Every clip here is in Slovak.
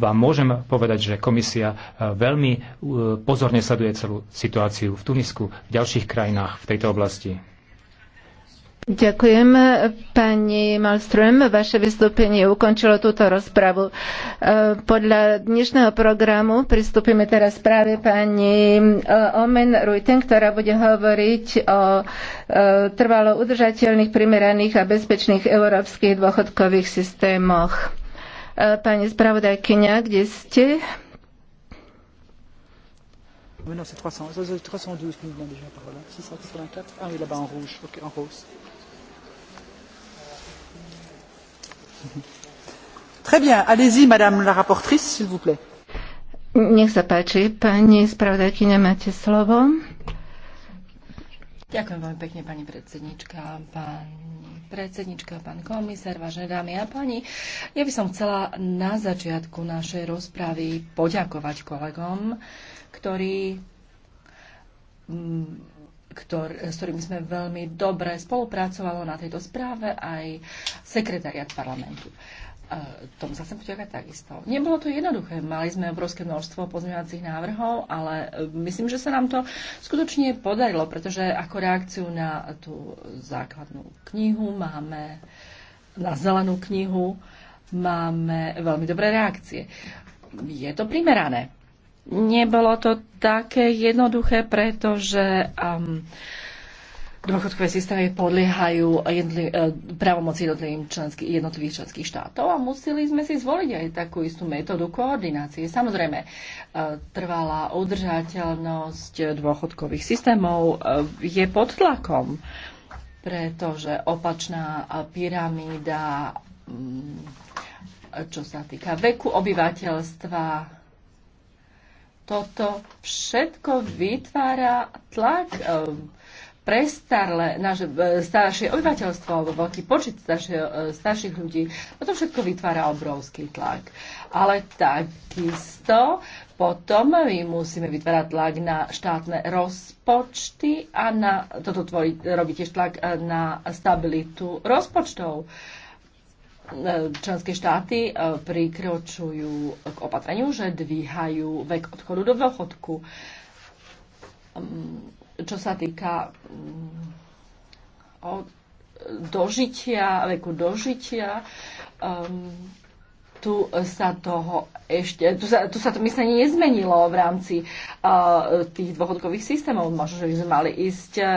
vám môžem povedať, že komisia e, veľmi e, pozorne sleduje celú situáciu v Tunisku, v ďalších krajinách v tejto oblasti. Ďakujem, pani Malström. Vaše vystúpenie ukončilo túto rozpravu. E, podľa dnešného programu pristúpime teraz práve pani Omen Ruiten, ktorá bude hovoriť o trvalo udržateľných, primeraných a bezpečných európskych dôchodkových systémoch. Pani spravodajkyňa, kde ste? Ah Très bien. Allez-y, madame la rapportrice, s'il vous plaît. Nech sa páči, pani spravodajkyňa, máte slovo. Ďakujem veľmi pekne, pani predsednička, pán predsednička, pán komisár, vážené dámy a páni. Ja by som chcela na začiatku našej rozpravy poďakovať kolegom, ktorí mm, ktor, s ktorými sme veľmi dobre spolupracovalo na tejto správe aj sekretariat parlamentu. Uh, tom zasadnutiach takisto. Nebolo to jednoduché. Mali sme obrovské množstvo pozmeňovacích návrhov, ale e, myslím, že sa nám to skutočne podarilo, pretože ako reakciu na tú základnú knihu máme, na zelenú knihu máme veľmi dobré reakcie. Je to primerané. Nebolo to také jednoduché, pretože um, dôchodkové systémy podliehajú jednotliv, e, jednotlivým členský, jednotlivých členských štátov a museli sme si zvoliť aj takú istú metódu koordinácie. Samozrejme, e, trvalá udržateľnosť dôchodkových systémov e, je pod tlakom, pretože opačná pyramída, mm, čo sa týka veku obyvateľstva, toto všetko vytvára tlak prestarle, naše e, staršie obyvateľstvo alebo veľký počet staršie, e, starších ľudí, potom všetko vytvára obrovský tlak. Ale takisto potom my musíme vytvárať tlak na štátne rozpočty a na, toto tvorí, robí tiež tlak e, na stabilitu rozpočtov členské štáty prikročujú k opatreniu, že dvíhajú vek odchodu do dôchodku. Ehm, čo sa týka mm, dožitia, veku dožitia, um, tu sa toho ešte, tu sa, tu sa to myslenie nezmenilo v rámci uh, tých dôchodkových systémov. Možno, že by sme mali ísť uh,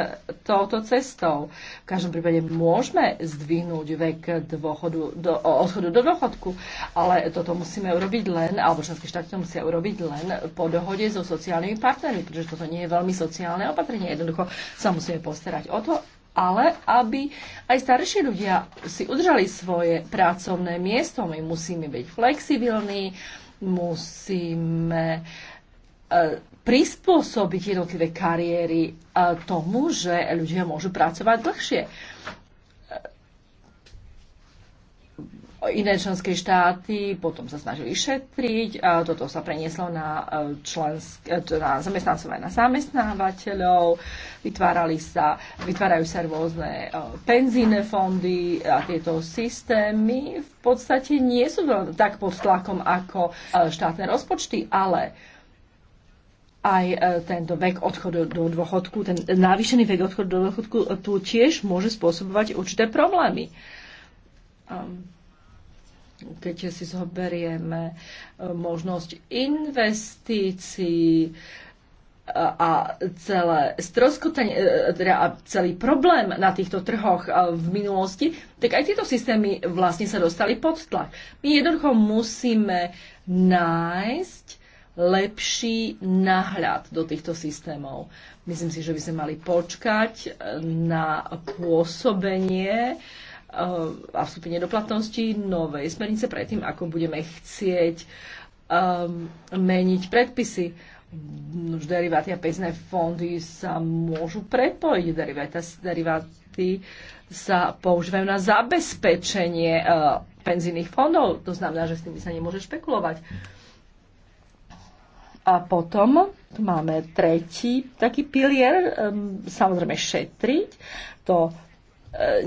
touto cestou. V každom prípade môžeme zdvihnúť vek dôchodu, do, odchodu do dôchodku, ale toto musíme urobiť len, alebo členské štáty to musia urobiť len po dohode so sociálnymi partnermi, pretože toto nie je veľmi sociálne opatrenie. Jednoducho sa musíme postarať o to, ale aby aj starší ľudia si udržali svoje pracovné miesto. My musíme byť flexibilní, musíme e, prispôsobiť jednotlivé kariéry e, tomu, že ľudia môžu pracovať dlhšie. iné členské štáty potom sa snažili šetriť, a toto sa prenieslo na, e, člensk, e, teda na zamestnancov aj na zamestnávateľov, vytvárali sa, vytvárajú sa rôzne e, penzíne fondy a tieto systémy v podstate nie sú tak pod tlakom ako štátne rozpočty, ale aj tento vek odchodu do dôchodku, ten navýšený vek odchodu do dôchodku tu tiež môže spôsobovať určité problémy. Um, keď si zoberieme e, možnosť investícií a celé stroskotanie, e, e, teda celý problém na týchto trhoch v minulosti, tak aj tieto systémy vlastne sa dostali pod tlak. My jednoducho musíme nájsť lepší náhľad do týchto systémov. Myslím si, že by sme mali počkať na pôsobenie uh, Eh, a vstúpenie do platnosti novej smernice predtým, ako budeme chcieť um, meniť predpisy. Už deriváty a pezné fondy sa môžu prepojiť. Deriváty, deriváty sa používajú na zabezpečenie uh, penzijných fondov. To znamená, že s tými sa nemôže špekulovať. A potom tu máme tretí taký pilier, um, samozrejme šetriť. To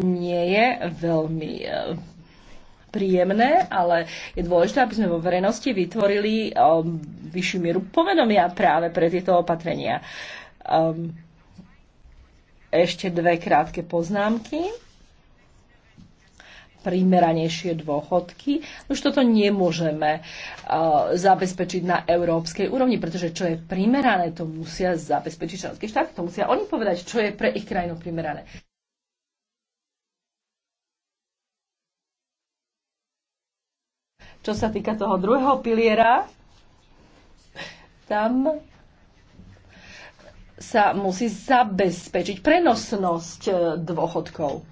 nie je veľmi e, príjemné, ale je dôležité, aby sme vo verejnosti vytvorili e, vyššiu mieru povedomia práve pre tieto opatrenia. Ehm, ešte dve krátke poznámky primeranejšie dôchodky. Už toto nemôžeme uh, zabezpečiť na európskej úrovni, pretože čo je primerané, to musia zabezpečiť členské štáty. To musia oni povedať, čo je pre ich krajinu primerané. Čo sa týka toho druhého piliera, tam sa musí zabezpečiť prenosnosť e, dôchodkov.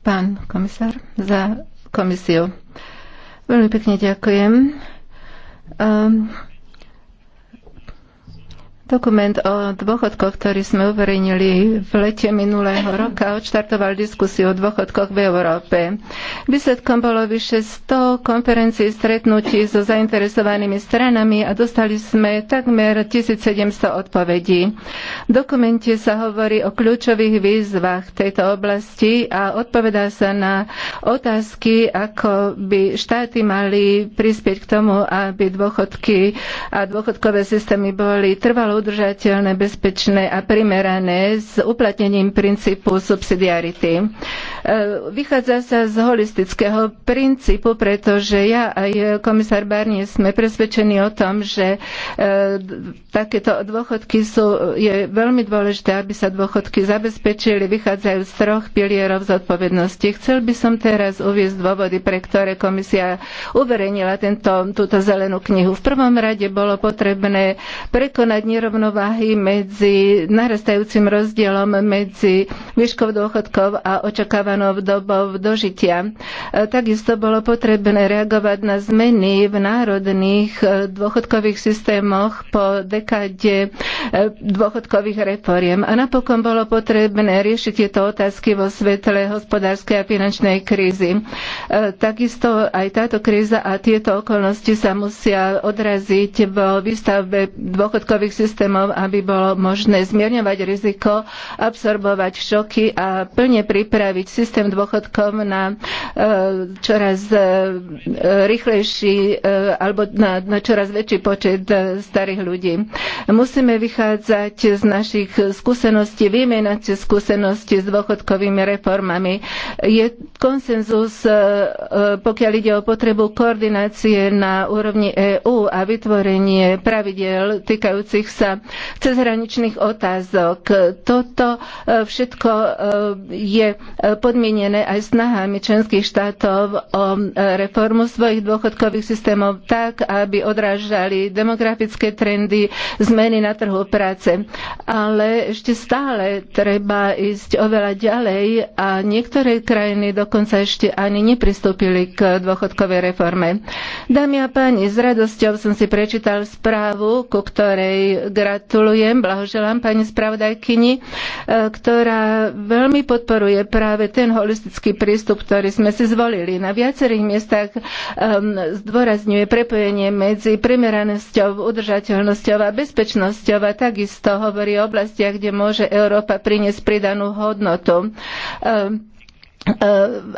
Pán komisár za komisiu. Veľmi pekne ďakujem. Um, Dokument o dôchodkoch, ktorý sme uverejnili v lete minulého roka, odštartoval diskusiu o dôchodkoch v Európe. Výsledkom bolo vyše 100 konferencií stretnutí so zainteresovanými stranami a dostali sme takmer 1700 odpovedí. V dokumente sa hovorí o kľúčových výzvach tejto oblasti a odpovedá sa na otázky, ako by štáty mali prispieť k tomu, aby dôchodky a dôchodkové systémy boli trvalo udržateľné, bezpečné a primerané s uplatnením princípu subsidiarity. E, vychádza sa z holistického princípu, pretože ja aj komisár Barnier sme presvedčení o tom, že e, takéto dôchodky sú, je veľmi dôležité, aby sa dôchodky zabezpečili, vychádzajú z troch pilierov zodpovednosti. Chcel by som teraz uviezť dôvody, pre ktoré komisia uverejnila tento, túto zelenú knihu. V prvom rade bolo potrebné prekonať nerov nerovnováhy medzi narastajúcim rozdielom medzi výškou dôchodkov a očakávanou dobou dožitia. E, takisto bolo potrebné reagovať na zmeny v národných e, dôchodkových systémoch po dekáde e, dôchodkových reforiem. A napokon bolo potrebné riešiť tieto otázky vo svetle hospodárskej a finančnej krízy. Takisto aj táto kríza a tieto okolnosti sa musia odraziť vo výstavbe dôchodkových systémov systémov, aby bolo možné zmierňovať riziko, absorbovať šoky a plne pripraviť systém dôchodkov na e, čoraz e, rýchlejší e, alebo na, na čoraz väčší počet starých ľudí. Musíme vychádzať z našich skúseností, vymenať skúsenosti s dôchodkovými reformami. Je konsenzus, pokiaľ ide o potrebu koordinácie na úrovni EÚ a vytvorenie pravidel týkajúcich sa týka cezhraničných otázok. Toto e, všetko e, je e, podmienené aj snahami členských štátov o reformu svojich dôchodkových systémov tak, aby odrážali demografické trendy, zmeny na trhu práce. Ale ešte stále treba ísť oveľa ďalej a niektoré krajiny dokonca ešte ani nepristúpili k dôchodkovej reforme. Dámy a páni, s radosťou som si prečítal správu, ku ktorej gratulujem, blahoželám pani spravodajkyni, e, ktorá veľmi podporuje práve ten holistický prístup, ktorý sme si zvolili. Na viacerých miestach e, zdôrazňuje prepojenie medzi primeranosťou, udržateľnosťou a bezpečnosťou a takisto hovorí o oblastiach, kde môže Európa priniesť pridanú hodnotu. E, Eh,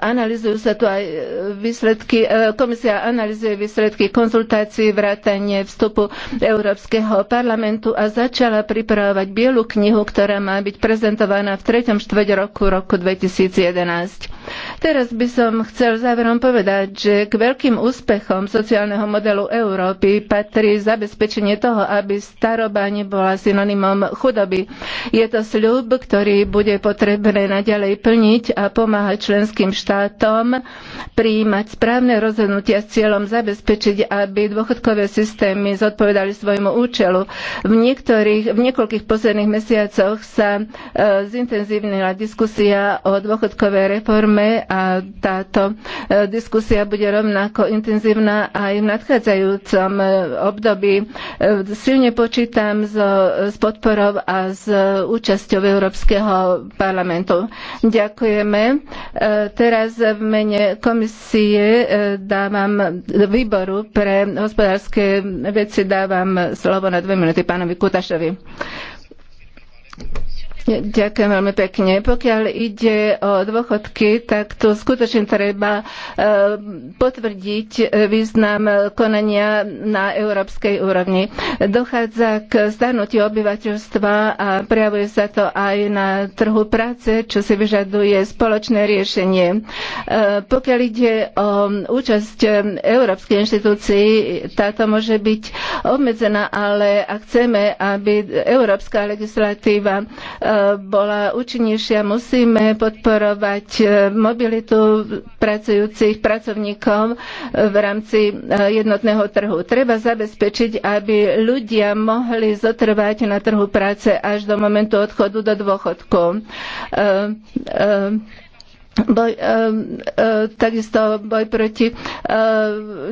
analizujú sa tu aj eh, výsledky, eh, komisia analizuje výsledky konzultácií, vrátanie vstupu Európskeho parlamentu a začala pripravovať bielu knihu, ktorá má byť prezentovaná v treťom štvrť roku roku 2011. Teraz by som chcel záverom povedať, že k veľkým úspechom sociálneho modelu Európy patrí zabezpečenie toho, aby staroba nebola synonymom chudoby. Je to sľub, ktorý bude potrebné naďalej plniť a pomáhať členským štátom prijímať správne rozhodnutia s cieľom zabezpečiť, aby dôchodkové systémy zodpovedali svojmu účelu. V, niektorých, v niekoľkých posledných mesiacoch sa e, zintenzívnila diskusia o dôchodkovej reforme programe a táto e, diskusia bude rovnako intenzívna aj v nadchádzajúcom e, období. E, silne počítam s, s podporou a s účasťou Európskeho parlamentu. Ďakujeme. Teraz v mene komisie dávam výboru pre hospodárske veci dávam slovo na dve minúty pánovi Kutašovi. Ďakujem veľmi pekne. Pokiaľ ide o dôchodky, tak tu skutočne treba e, potvrdiť e, význam konania na európskej úrovni. Dochádza k starnutiu obyvateľstva a prejavuje sa to aj na trhu práce, čo si vyžaduje spoločné riešenie. E, pokiaľ ide o účasť európskej inštitúcii, táto môže byť obmedzená, ale ak chceme, aby európska legislatíva bola účinnejšia. Musíme podporovať e, mobilitu pracujúcich pracovníkov e, v rámci e, jednotného trhu. Treba zabezpečiť, aby ľudia mohli zotrvať na trhu práce až do momentu odchodu do dôchodku boj, e, e, takisto boj proti e,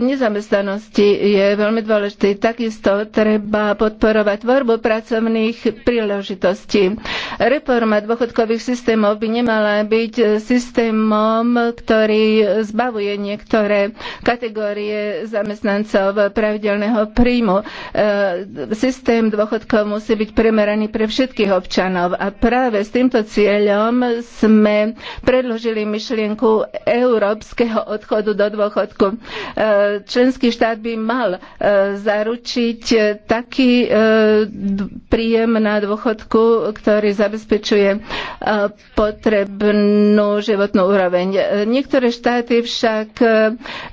nezamestnanosti je veľmi dôležitý. Takisto treba podporovať tvorbu pracovných príležitostí. Reforma dôchodkových systémov by nemala byť systémom, ktorý zbavuje niektoré kategórie zamestnancov pravidelného príjmu. E, systém dôchodkov musí byť primeraný pre všetkých občanov a práve s týmto cieľom sme predložili podporili myšlienku európskeho odchodu do dôchodku. E, členský štát by mal e, zaručiť e, taký príjem na dôchodku, ktorý zabezpečuje potrebnú životnú úroveň. Niektoré štáty však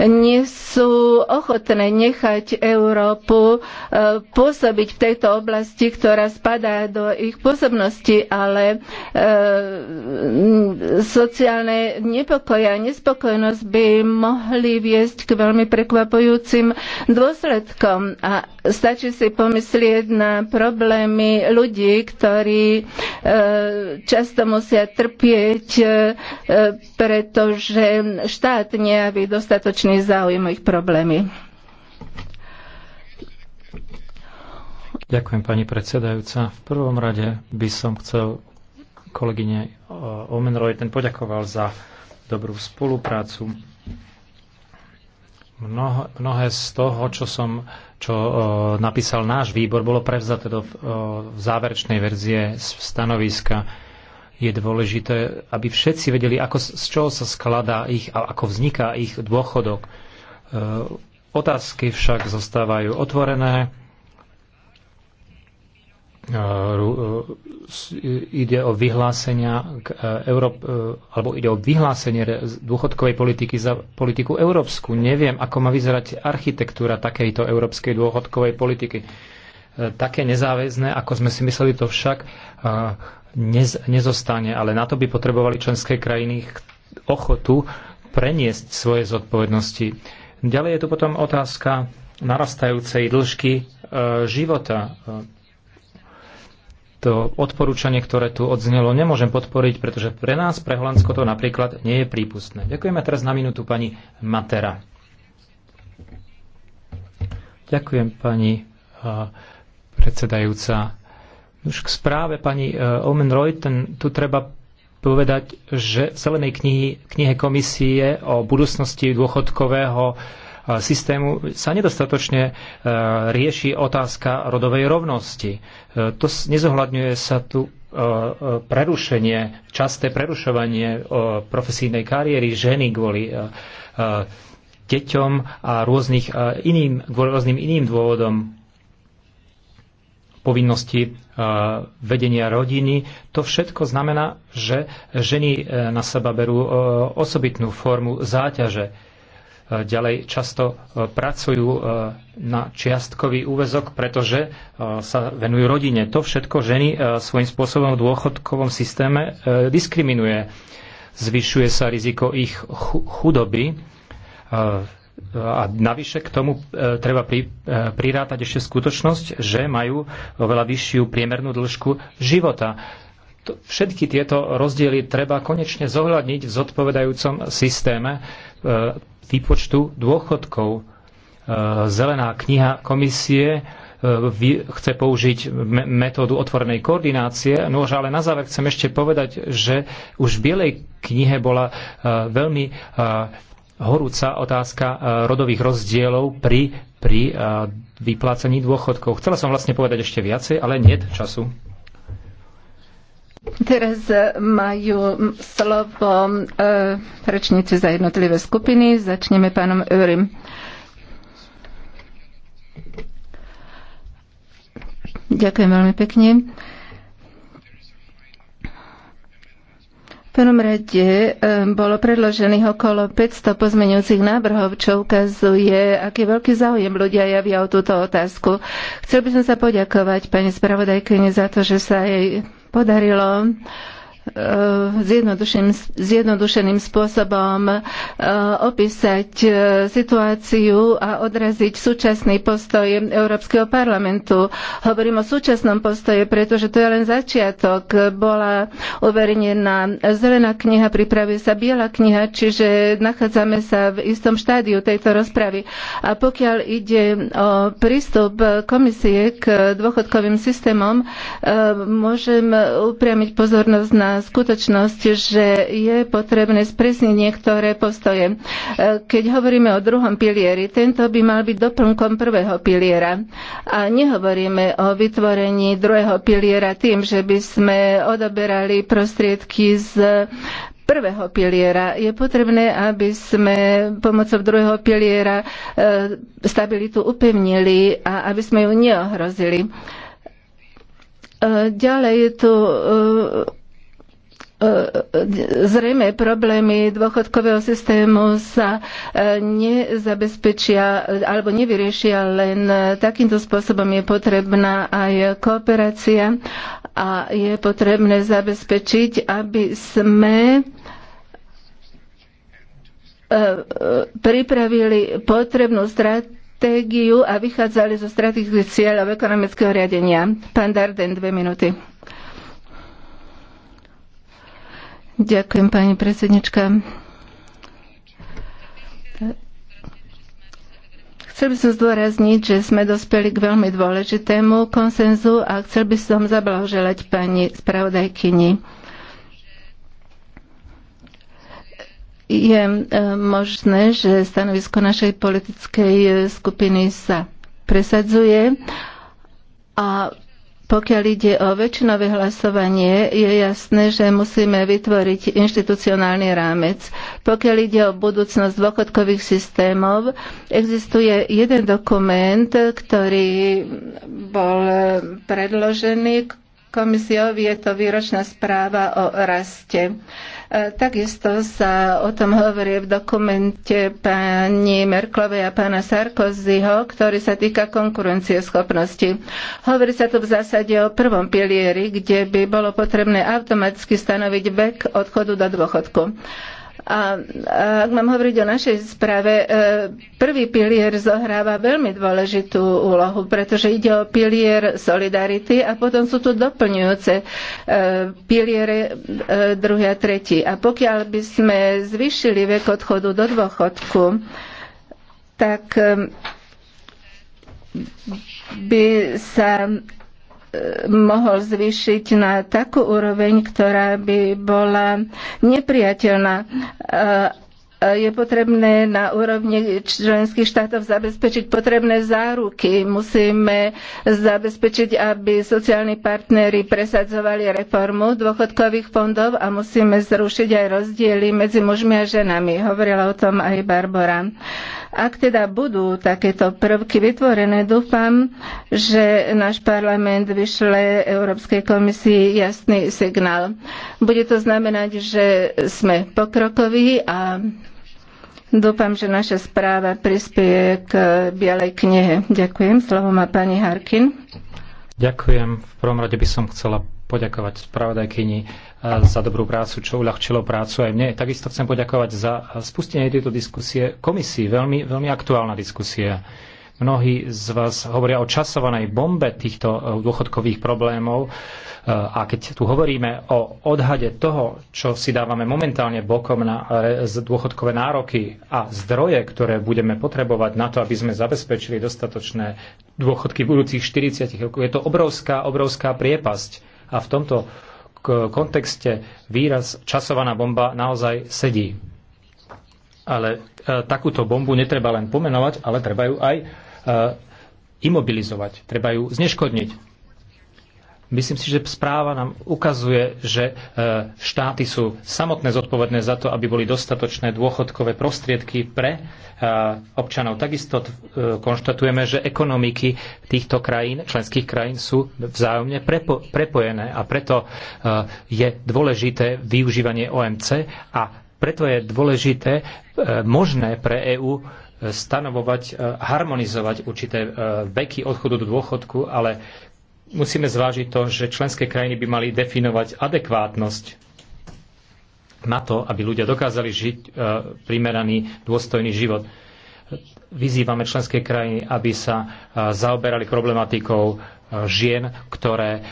nie sú ochotné nechať Európu pôsobiť v tejto oblasti, ktorá spadá do ich pôsobnosti, ale sociálne sociálne nepokoje a nespokojnosť by mohli viesť k veľmi prekvapujúcim dôsledkom. A stačí si pomyslieť na problémy ľudí, ktorí e, často musia trpieť, e, pretože štát nejaví dostatočný záujem ich problémy. Ďakujem, pani predsedajúca. V prvom rade by som chcel kolegyne eh, Omenroy, ten poďakoval za dobrú spoluprácu. Mnoho, mnohé z toho, čo som čo o, eh, napísal náš výbor, bolo prevzaté do o, eh, záverečnej verzie stanoviska. Je dôležité, aby všetci vedeli, ako, z čoho sa skladá ich a ako vzniká ich dôchodok. E, otázky však zostávajú otvorené Eh, eh, ide o vyhlásenia k eh, Euró- alebo ide o vyhlásenie dôchodkovej politiky za politiku európsku. Neviem, ako má vyzerať architektúra takejto európskej dôchodkovej politiky. Také nezáväzné, ako sme si mysleli, to však nez- nezostane, ale na to by potrebovali členské krajiny ochotu preniesť svoje zodpovednosti. Ďalej je tu potom otázka narastajúcej dĺžky života to odporúčanie, ktoré tu odznelo, nemôžem podporiť, pretože pre nás, pre Holandsko to napríklad nie je prípustné. Ďakujeme teraz na minútu pani Matera. Ďakujem pani eh, predsedajúca. Už k správe pani eh, Omen ten, tu treba povedať, že v zelenej knihy, knihe komisie o budúcnosti dôchodkového E, systému sa nedostatočne e, rieši otázka rodovej rovnosti. E, to nezohľadňuje sa tu prerušenie, časté prerušovanie profesijnej kariéry ženy kvôli deťom a rôznych iným, kvôli rôznym iným dôvodom povinnosti vedenia rodiny. To všetko znamená, že ženy na seba berú osobitnú formu záťaže Eh, ďalej často eh, pracujú eh, na čiastkový úvezok, pretože sa venujú rodine. To všetko ženy svojím spôsobom v dôchodkovom systéme diskriminuje. Zvyšuje sa riziko ich chudoby a navyše k tomu treba pri, prirátať ešte skutočnosť, že majú oveľa vyššiu priemernú dĺžku života všetky tieto rozdiely treba konečne zohľadniť v zodpovedajúcom systéme výpočtu dôchodkov. E, zelená kniha komisie e, chce použiť metódu otvorenej koordinácie. No ale na záver chcem ešte povedať, že už v Bielej knihe bola e, veľmi horúca otázka rodových rozdielov pri, pri vyplácení dôchodkov. Chcela som vlastne povedať ešte viacej, ale nie času. Teraz e, majú slovo e, rečníci za jednotlivé skupiny. Začneme pánom Eurim. Ďakujem veľmi pekne. V prvom rade e, bolo predložených okolo 500 pozmeňujúcich návrhov, čo ukazuje, aký veľký záujem ľudia javia o túto otázku. Chcel by som sa poďakovať pani spravodajkyni za to, že sa jej podarilo Eh, zjednodušeným, zjednodušeným spôsobom eh, opísať eh, situáciu a odraziť súčasný postoj Európskeho parlamentu. Hovorím o súčasnom postoje, pretože to je len začiatok. Bola uverejnená zelená kniha, pripravuje sa biela kniha, čiže nachádzame sa v istom štádiu tejto rozpravy. A pokiaľ ide o prístup komisie k dôchodkovým systémom, môžem upriamiť pozornosť na skutočnosť, že je potrebné spresniť niektoré postoje. E, keď hovoríme o druhom pilieri, tento by mal byť doplnkom prvého piliera. A nehovoríme o vytvorení druhého piliera tým, že by sme odoberali prostriedky z prvého piliera. Je potrebné, aby sme pomocou druhého piliera e, stabilitu upevnili a aby sme ju neohrozili. E, ďalej je tu E, e, zrejme problémy dôchodkového systému sa e, nezabezpečia alebo nevyriešia len takýmto spôsobom je potrebná aj kooperácia a je potrebné zabezpečiť, aby sme pripravili potrebnú stratégiu a vychádzali zo strategických cieľov ekonomického riadenia. Pán Darden, dve minúty. Ďakujem, pani predsednička. Chcel by som zdôrazniť, že sme dospeli k veľmi dôležitému konsenzu a chcel by som zablahoželať pani spravodajkyni. Je eh, možné, že stanovisko našej politickej eh, skupiny sa presadzuje a pokiaľ ide o väčšinové hlasovanie, je jasné, že musíme vytvoriť inštitucionálny rámec. Pokiaľ ide o budúcnosť dôchodkových systémov, existuje jeden dokument, ktorý bol predložený komisiou, je to výročná správa o raste. E, takisto sa o tom hovorí v dokumente pani Merklovej a pána Sarkozyho, ktorý sa týka konkurencie schopnosti. Hovorí sa tu v zásade o prvom pilieri, kde by bolo potrebné automaticky stanoviť vek odchodu do dôchodku. A ak mám hovoriť o našej správe, e, prvý pilier zohráva veľmi dôležitú úlohu, pretože ide o pilier solidarity a potom sú tu doplňujúce e, piliere druhý a tretí. A pokiaľ by sme zvyšili vek odchodu do dôchodku, tak e, by sa mohol zvýšiť na takú úroveň, ktorá by bola nepriateľná je potrebné na úrovni členských štátov zabezpečiť potrebné záruky. Musíme zabezpečiť, aby sociálni partnery presadzovali reformu dôchodkových fondov a musíme zrušiť aj rozdiely medzi mužmi a ženami. Hovorila o tom aj Barbara. Ak teda budú takéto prvky vytvorené, dúfam, že náš parlament vyšle Európskej komisii jasný signál. Bude to znamenať, že sme pokrokoví a Dúfam, že naša správa prispieje k Bielej knihe. Ďakujem. Slovo má pani Harkin. Ďakujem. V prvom rade by som chcela poďakovať spravodajkyni za dobrú prácu, čo uľahčilo prácu aj mne. Takisto chcem poďakovať za spustenie tejto diskusie komisii. Veľmi, veľmi aktuálna diskusia. Mnohí z vás hovoria o časovanej bombe týchto e, dôchodkových problémov e, a keď tu hovoríme o odhade toho, čo si dávame momentálne bokom na e, dôchodkové nároky a zdroje, ktoré budeme potrebovať na to, aby sme zabezpečili dostatočné dôchodky v budúcich 40 rokov, je to obrovská, obrovská priepasť. A v tomto kontexte výraz časovaná bomba naozaj sedí. Ale e, takúto bombu netreba len pomenovať, ale treba ju aj e, imobilizovať, treba ju zneškodniť. Myslím si, že správa nám ukazuje, že e, štáty sú samotné zodpovedné za to, aby boli dostatočné dôchodkové prostriedky pre e, občanov. Takisto e, konštatujeme, že ekonomiky týchto krajín, členských krajín sú vzájomne prepo- prepojené a preto je dôležité využívanie OMC a preto je dôležité možné pre EÚ stanovovať, harmonizovať určité veky odchodu do dôchodku, ale musíme zvážiť to, že členské krajiny by mali definovať adekvátnosť na to, aby ľudia dokázali žiť e, primeraný, dôstojný život. Vyzývame členské krajiny, aby sa e, zaoberali problematikou e, žien, ktoré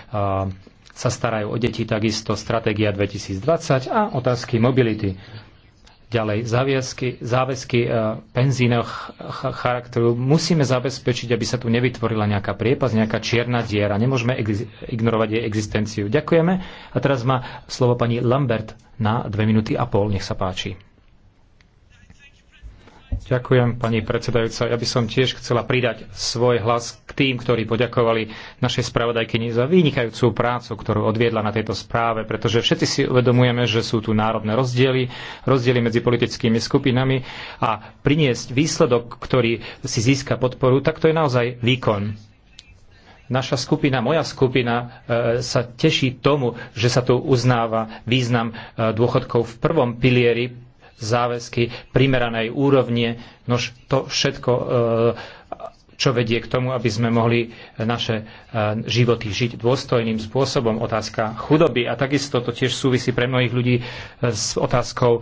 sa starajú o deti, takisto stratégia 2020 a otázky mobility. Ďalej, záväzky, záväzky e, penzíneho charakteru musíme zabezpečiť, aby sa tu nevytvorila nejaká priepas, nejaká čierna diera. Nemôžeme ignorovať jej existenciu. Ďakujeme. A teraz má slovo pani Lambert na dve minúty a pol. Nech sa páči. Ďakujem, pani predsedajúca. Ja by som tiež chcela pridať svoj hlas k tým, ktorí poďakovali našej spravodajkyni za vynikajúcu prácu, ktorú odviedla na tejto správe, pretože všetci si uvedomujeme, že sú tu národné rozdiely, rozdiely medzi politickými skupinami a priniesť výsledok, ktorý si získa podporu, tak to je naozaj výkon. Naša skupina, moja skupina e, sa teší tomu, že sa tu uznáva význam e, dôchodkov v prvom pilieri záväzky primeranej úrovne. Nož to všetko e, čo vedie k tomu, aby sme mohli e, naše e, životy žiť dôstojným spôsobom. Otázka chudoby a takisto to tiež súvisí pre mnohých ľudí e, s otázkou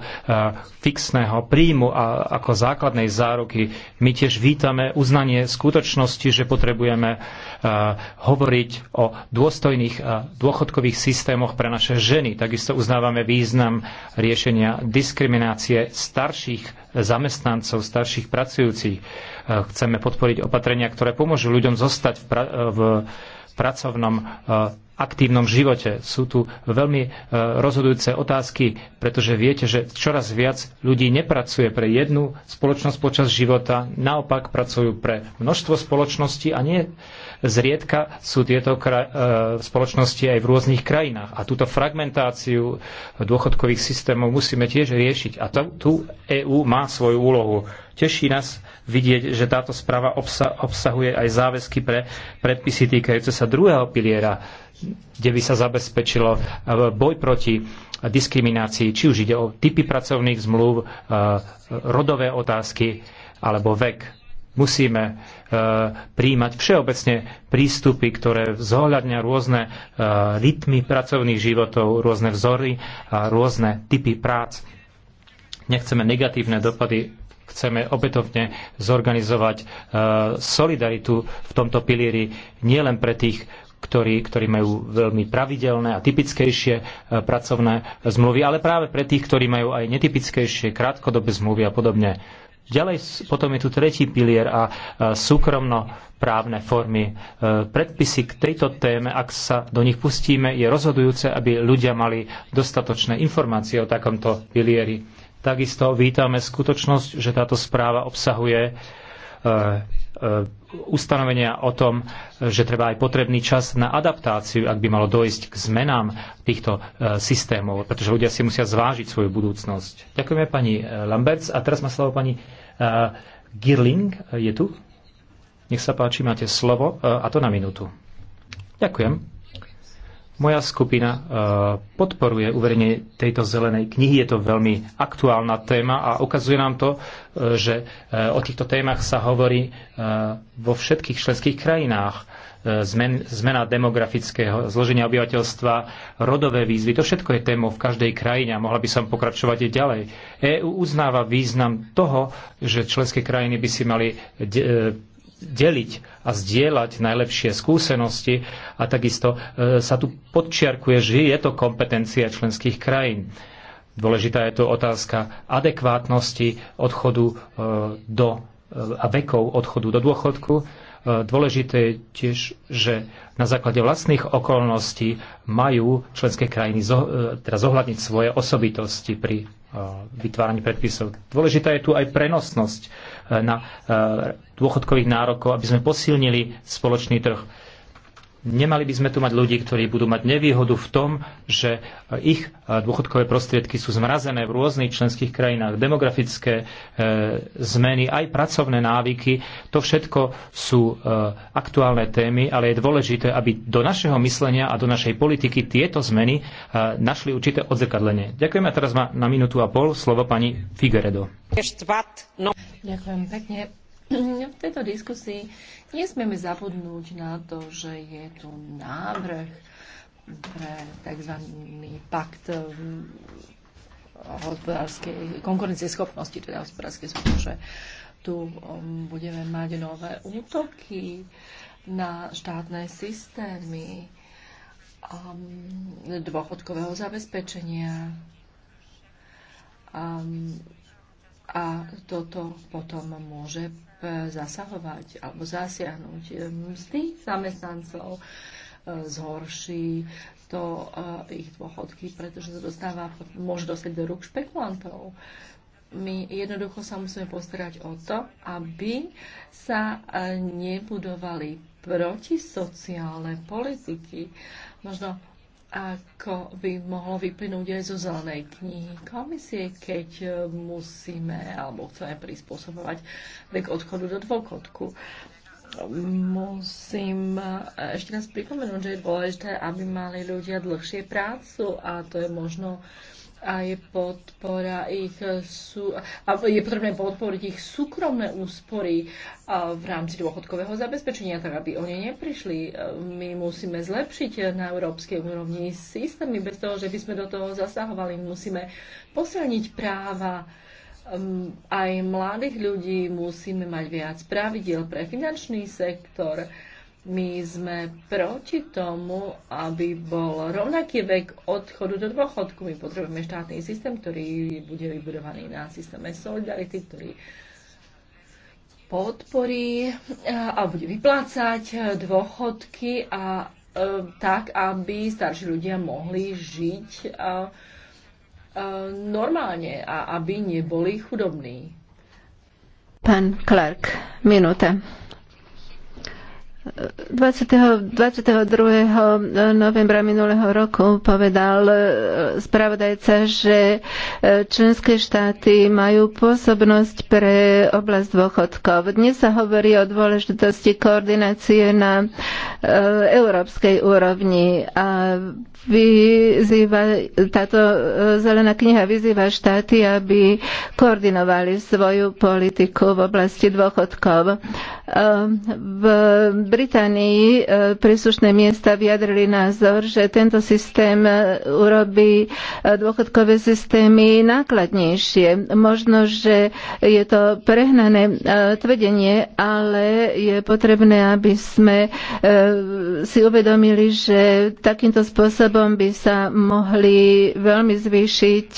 fixného príjmu a ako základnej záruky. My tiež vítame uznanie skutočnosti, že potrebujeme hovoriť o dôstojných dôchodkových systémoch pre naše ženy. Takisto uznávame význam riešenia diskriminácie starších zamestnancov, starších pracujúcich. E, chceme podporiť opatrenia, ktoré pomôžu ľuďom zostať v, pra- e, v pracovnom e, aktívnom živote. Sú tu veľmi e, rozhodujúce otázky, pretože viete, že čoraz viac ľudí nepracuje pre jednu spoločnosť počas života, naopak pracujú pre množstvo spoločností a nie zriedka sú tieto e, spoločnosti aj v rôznych krajinách. A túto fragmentáciu dôchodkových systémov musíme tiež riešiť. A to, tu EÚ má svoju úlohu. Teší nás vidieť, že táto správa obsahuje aj záväzky pre predpisy týkajúce sa druhého piliera kde by sa zabezpečilo eh, boj proti diskriminácii, či už ide o typy pracovných zmluv, eh, rodové otázky alebo vek. Musíme eh, príjmať všeobecne prístupy, ktoré zohľadňa rôzne rytmy pracovných životov, rôzne vzory a rôzne typy prác. Nechceme negatívne dopady chceme opätovne zorganizovať solidaritu v tomto pilieri nielen pre tých, ktorí, ktorí majú veľmi pravidelné a typickejšie e, pracovné zmluvy, ale práve pre tých, ktorí majú aj netypickejšie krátkodobé zmluvy a podobne. Ďalej potom je tu tretí pilier a e, súkromnoprávne formy. E, predpisy k tejto téme, ak sa do nich pustíme, je rozhodujúce, aby ľudia mali dostatočné informácie o takomto pilieri. Takisto vítame skutočnosť, že táto správa obsahuje E, ustanovenia o tom, že treba aj potrebný čas na adaptáciu, ak by malo dojsť k zmenám týchto e, systémov, pretože ľudia si musia zvážiť svoju budúcnosť. Ďakujeme pani e, Lamberts a teraz má slovo pani Girling, je tu? Nech sa páči, máte slovo a to na minútu. Ďakujem. Moja skupina e, podporuje uverenie tejto zelenej knihy. Je to veľmi aktuálna téma a ukazuje nám to, e, že e, o týchto témach sa hovorí vo všetkých členských krajinách. Zmen, zmena demografického zloženia obyvateľstva, rodové výzvy, to všetko je témou v každej krajine a mohla by som pokračovať aj ďalej. EÚ uznáva význam toho, že členské krajiny by si mali deliť a zdieľať najlepšie skúsenosti a takisto e, sa tu podčiarkuje, že je to kompetencia členských krajín. Dôležitá je tu otázka adekvátnosti odchodu e, do, e, a vekov odchodu do dôchodku. Dôležité je tiež, že na základe vlastných okolností majú členské krajiny teda zohľadniť svoje osobitosti pri vytváraní predpisov. Dôležitá je tu aj prenosnosť na dôchodkových nárokov, aby sme posilnili spoločný trh. Nemali by sme tu mať ľudí, ktorí budú mať nevýhodu v tom, že ich eh, dôchodkové prostriedky sú zmrazené v rôznych členských krajinách. Demografické e, zmeny, aj pracovné návyky, to všetko sú e, aktuálne témy, ale je dôležité, aby do našeho myslenia a do našej politiky tieto zmeny e, našli určité odzrkadlenie. Ďakujem a teraz má na minútu a pol slovo pani Figueredo. Ďakujem pekne. Mm, v tejto diskusii nesmieme zabudnúť na to, že je tu návrh pre tzv. pakt mm, hospodárskej konkurencieschopnosti, teda hospodárskej súťaže. Tu um, budeme mať nové útoky na štátne systémy um, dôchodkového zabezpečenia. Um, a toto potom môže E, zasahovať alebo zasiahnuť e, mzdy zamestnancov, e, zhorší to ich dôchodky, pretože sa dostáva, môže dostať do rúk špekulantov. My jednoducho sa musíme postarať o to, aby sa nebudovali protisociálne politiky. Možno ako by mohlo vyplynúť aj zo zelenej knihy komisie, keď e, musíme alebo chceme prispôsobovať vek odchodu do dôchodku. Musím e, ešte raz pripomenúť, že je dôležité, aby mali ľudia dlhšie prácu a to je možno uh, aj podpora ich sú, a je potrebné podporiť ich súkromné úspory v rámci dôchodkového zabezpečenia, tak aby oni neprišli. My musíme zlepšiť na európskej úrovni systémy bez toho, že by sme do toho zasahovali. Musíme posilniť práva um, aj mladých ľudí, musíme mať viac pravidiel pre finančný sektor my sme proti tomu, aby bol rovnaký vek odchodu do dôchodku. My potrebujeme štátny systém, ktorý bude vybudovaný na systéme solidarity, ktorý podporí e, a bude vyplácať dôchodky a e, tak, aby starší ľudia mohli žiť a, e, a normálne a aby neboli chudobní. Pán Clark, minúta. 20. 22. novembra minulého roku povedal e, spravodajca, že e, členské štáty majú pôsobnosť pre oblasť dôchodkov. Dnes sa hovorí o dôležitosti koordinácie na e, európskej úrovni a vyzýva, táto zelená kniha vyzýva štáty, aby koordinovali svoju politiku v oblasti dôchodkov. V Británii e, príslušné miesta vyjadrili názor, že tento systém e, urobí e, dôchodkové systémy nákladnejšie. Možno, že je to prehnané tvrdenie, ale je potrebné, aby sme si uvedomili, že takýmto spôsobom by sa mohli veľmi zvýšiť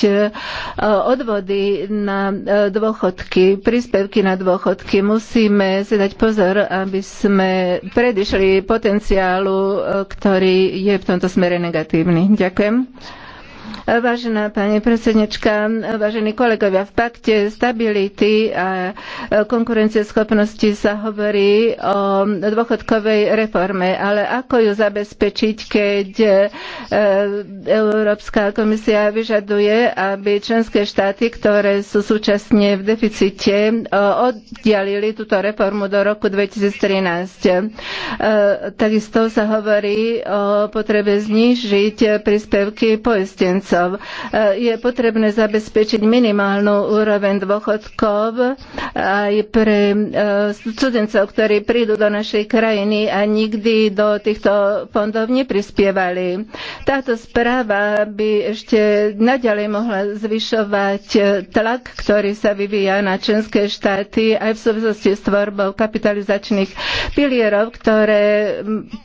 odvody na dôchodky, príspevky na dôchodky. Musíme si dať pozor, aby sme predišli potenciálu, e, ktorý je v tomto smere negatívny. Ďakujem. Vážená pani predsednička, vážení kolegovia, v pakte stability a konkurencieschopnosti sa hovorí o dôchodkovej reforme, ale ako ju zabezpečiť, keď e, Európska komisia vyžaduje, aby členské štáty, ktoré sú súčasne v deficite, e, oddialili túto reformu do roku 2013. E, takisto sa hovorí o potrebe znížiť príspevky poistenia zamestnancov. E, je potrebné zabezpečiť minimálnu úroveň dôchodkov aj pre e, cudzincov, ktorí prídu do našej krajiny a nikdy do týchto fondov neprispievali. Táto správa by ešte naďalej mohla zvyšovať tlak, ktorý sa vyvíja na členské štáty aj v súvislosti s tvorbou kapitalizačných pilierov, ktoré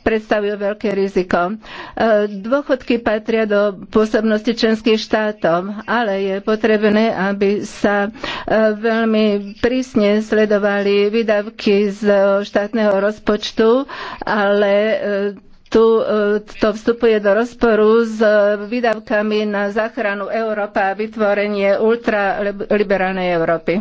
predstavujú veľké riziko. E, dôchodky patria do pôsobnosti zodpovednosti členských štátov, ale je potrebné, aby sa e, veľmi prísne sledovali výdavky z e, štátneho rozpočtu, ale e, tu to vstupuje do rozporu s výdavkami na záchranu Európa a vytvorenie ultraliberálnej Európy.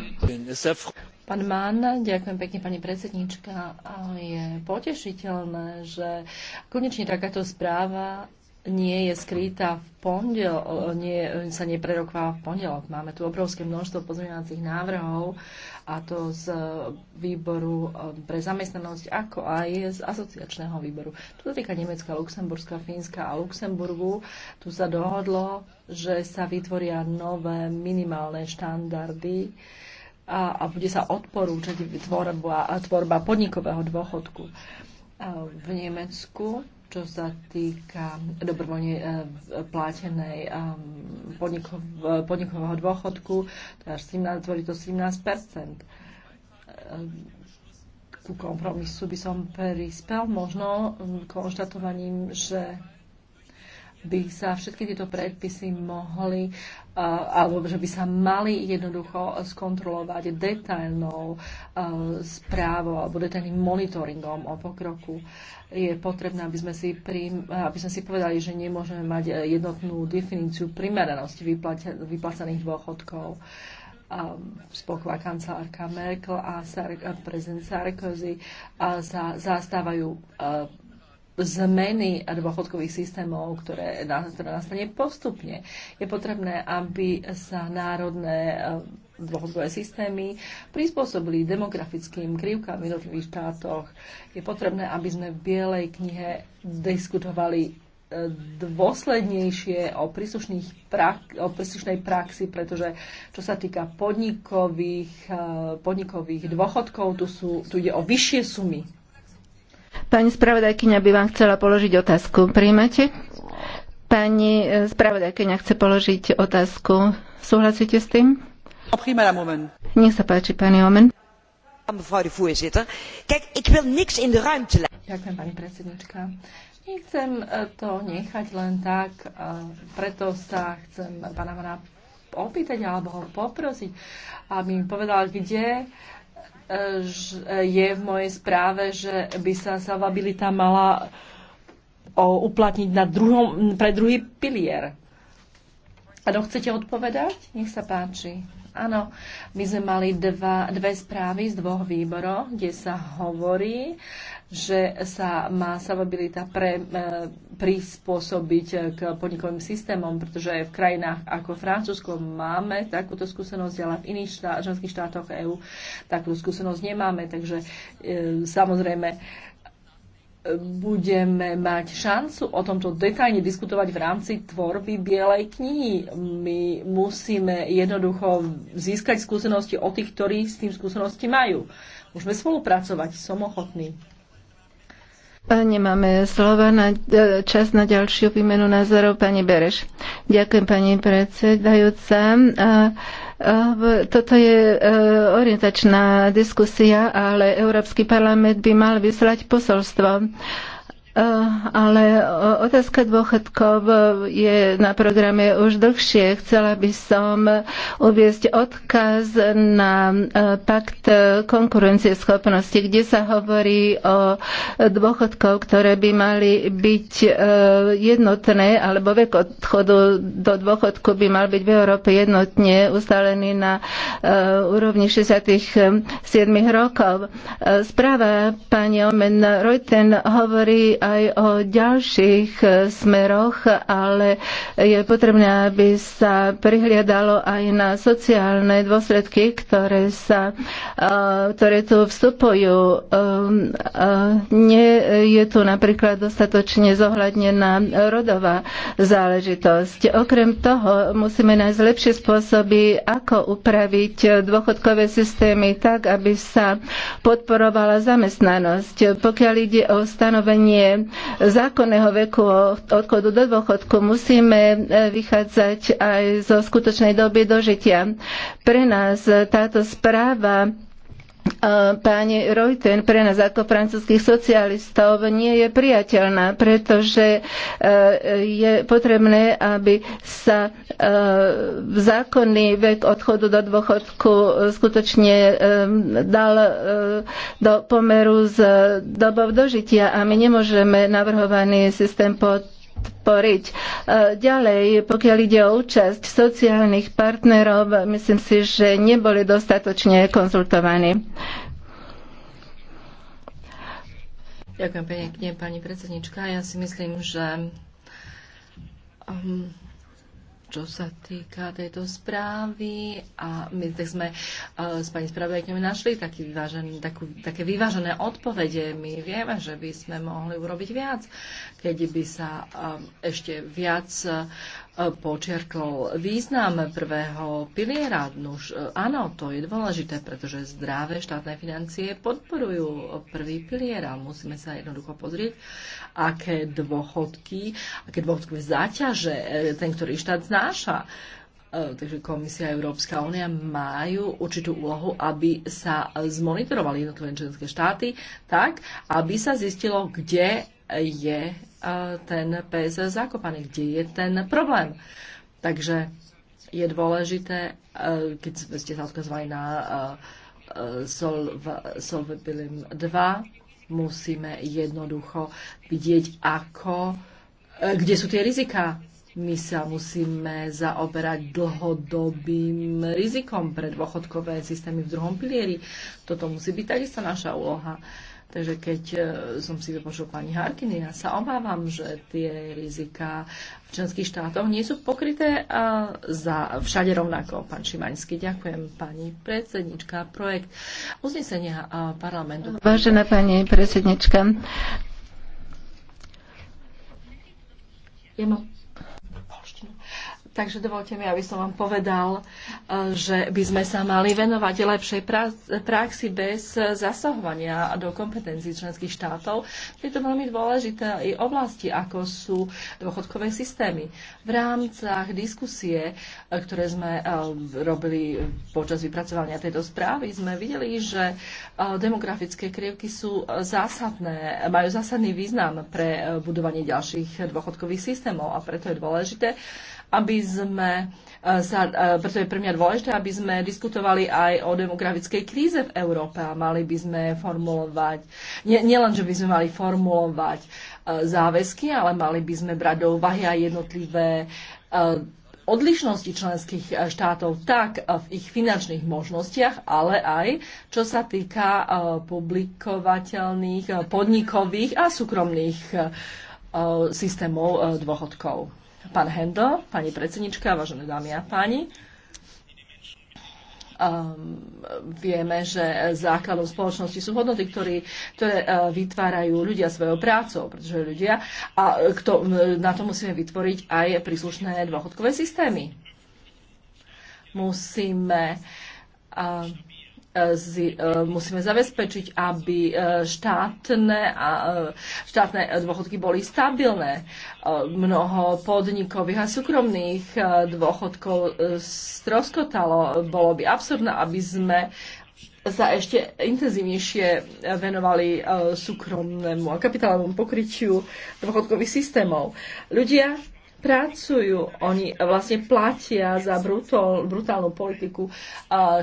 Pán Mann, ďakujem pekne pani predsednička. Je potešiteľné, že konečne takáto správa nie je skrytá v pondel, nie, sa neprerokváva v pondelok. Máme tu obrovské množstvo pozmeňovacích návrhov a to z výboru eh, pre zamestnanosť, ako aj z asociačného výboru. Tu sa týka Nemecka, Luxemburska, Fínska a Luxemburgu. Tu sa dohodlo, že sa vytvoria nové minimálne štandardy a, a bude sa odporúčať tvorba, tvorba podnikového dôchodku. Eh, v Nemecku čo sa týka dobrovoľne eh, plátenej eh, podnikového dôchodku, to až 17, tvorí to 17 Ku kompromisu by som prispel možno hm, konštatovaním, že by sa všetky tieto predpisy mohli alebo že by sa mali jednoducho skontrolovať detailnou správou alebo detailným monitoringom o pokroku. Je potrebné, aby sme si, pri, aby sme si povedali, že nemôžeme mať jednotnú definíciu primeranosti vyplacaných dôchodkov Spoková kancelárka Merkel a prezident Sarkozy sa zastávajú zmeny dôchodkových systémov, ktoré, ktoré nastane postupne. Je potrebné, aby sa národné eh, dôchodkové systémy prispôsobili demografickým krivkám v jednotlivých štátoch. Je potrebné, aby sme v Bielej knihe diskutovali eh, dôslednejšie o, prak- o príslušnej praxi, pretože čo sa týka podnikových, eh, podnikových dôchodkov, tu, sú, tu ide o vyššie sumy Pani spravodajkyňa by vám chcela položiť otázku. Príjmate? Pani e, spravodajkyňa chce položiť otázku. Súhlasíte s tým? Nech sa páči, pani Omen. Ďakujem, pani predsednička. Nechcem e, to nechať len tak, e, preto sa chcem pána opýtať alebo ho poprosiť, aby mi povedal, kde E, e, je v mojej správe, že by sa salvabilita mala uplatniť na druhom, pre druhý pilier. Áno, chcete odpovedať? Nech sa páči. Áno, my sme mali dva, dve správy z dvoch výborov, kde sa hovorí, že sa má savabilita pre, e, prispôsobiť e, k podnikovým systémom, pretože v krajinách ako Francúzsko máme takúto skúsenosť, ale v iných štát, členských štátoch EÚ takúto skúsenosť nemáme. Takže e, samozrejme e, budeme mať šancu o tomto detajne diskutovať v rámci tvorby Bielej knihy. My musíme jednoducho získať skúsenosti o tých, ktorí s tým skúsenosti majú. Môžeme spolupracovať, som ochotný. Nemáme slova na e, čas na ďalšiu výmenu názorov. Pani Bereš. Ďakujem, pani predsedajúca. A, toto je e, orientačná diskusia, ale Európsky parlament by mal vyslať posolstvo. Eh, ale eh, otázka dôchodkov eh, je na programe už dlhšie. Chcela by som uviezť odkaz na pakt konkurencieschopnosti, kde sa hovorí o dôchodkov, ktoré by mali byť jednotné, alebo vek odchodu do dôchodku by mal byť v Európe jednotne ustalený na úrovni 67 rokov. Správa pani Omen Reuten hovorí aj o ďalších e, smeroch, ale je potrebné, aby sa prihliadalo aj na sociálne dôsledky, ktoré, sa, e, ktoré tu vstupujú. Ehm, e, nie je tu napríklad dostatočne zohľadnená rodová záležitosť. Okrem toho musíme nájsť lepšie spôsoby, ako upraviť dôchodkové systémy tak, aby sa podporovala zamestnanosť. Pokiaľ ide o stanovenie zákonného veku odchodu do dôchodku musíme e, vychádzať aj zo skutočnej doby dožitia. Pre nás táto správa páni Reuten pre nás ako francúzských socialistov nie je priateľná, pretože e, je potrebné, aby sa e, zákonný vek odchodu do dôchodku skutočne e, dal do pomeru s dobov dožitia a my nemôžeme navrhovaný systém pod podporiť. E, ďalej, pokiaľ ide o účasť sociálnych partnerov, myslím si, že neboli dostatočne konzultovaní. Ďakujem pekne, pani predsednička. Ja si myslím, že um, čo sa týka tejto správy a my tak sme uh, s pani spravodajkami našli taký vyvážený, takú, také vyvážené odpovede. My vieme, že by sme mohli urobiť viac, keď by sa um, ešte viac uh, počiarkol význam prvého piliera. Nuž, e, áno, to je dôležité, pretože zdravé štátne financie podporujú prvý pilier a musíme sa jednoducho pozrieť, aké dôchodky, aké dôchodkové záťaže e, ten, ktorý štát znáša e, takže Komisia Európska únia majú určitú úlohu, aby sa zmonitorovali jednotlivé členské štáty tak, aby sa zistilo, kde je e, ten pes zakopaný, kde je ten problém. Takže je dôležité, e, keď ste sa odkazovali na e, Solv, Solvabilim 2, musíme jednoducho vidieť, ako, kde sú tie rizika. My sa musíme zaoberať dlhodobým rizikom pre dôchodkové systémy v druhom pilieri. Toto musí byť takisto naša úloha. Uh, Takže keď e, som si vypočul pani Harkiny, ja sa obávam, že tie rizika v členských štátoch nie sú pokryté e, za všade rovnako. Pán Šimaňský, ďakujem pani predsednička. Projekt uznesenia e, parlamentu. Vážená pani predsednička, ja mám Takže dovolte mi, aby som vám povedal, e, že by sme sa mali venovať lepšej praxi bez zasahovania do kompetencií členských štátov. Je to veľmi dôležité i oblasti, ako sú dôchodkové systémy. V rámcach diskusie, e, ktoré sme e, robili počas vypracovania tejto správy, sme videli, že demografické krivky sú zásadné, majú zásadný význam pre budovanie ďalších dôchodkových systémov a preto je dôležité, aby sme e, sa, e, preto je pre mňa dôležité, aby sme diskutovali aj o demografickej kríze v Európe a mali by sme formulovať, nie, nielen, že by sme mali formulovať e, záväzky, ale mali by sme brať do úvahy aj jednotlivé odlišnosti členských štátov tak v ich finančných možnostiach, ale aj čo sa týka publikovateľných, podnikových a súkromných systémov dôchodkov. Pán Hendo, pani predsednička, vážené dámy a páni, um, vieme, že základom spoločnosti sú hodnoty, ktorý, ktoré uh, vytvárajú ľudia svojou prácou, pretože ľudia, a kto, na to musíme vytvoriť aj príslušné dôchodkové systémy. Musíme uh, z, e, musíme zabezpečiť, aby e, štátne, e, štátne dôchodky boli stabilné. Mnoho podnikových a súkromných dôchodkov stroskotalo. Bolo by absurdné, aby sme sa ešte intenzívnejšie venovali súkromnému a kapitálovému pokrytiu dôchodkových systémov. Ľudia pracujú, oni vlastne platia za brutál, brutálnu politiku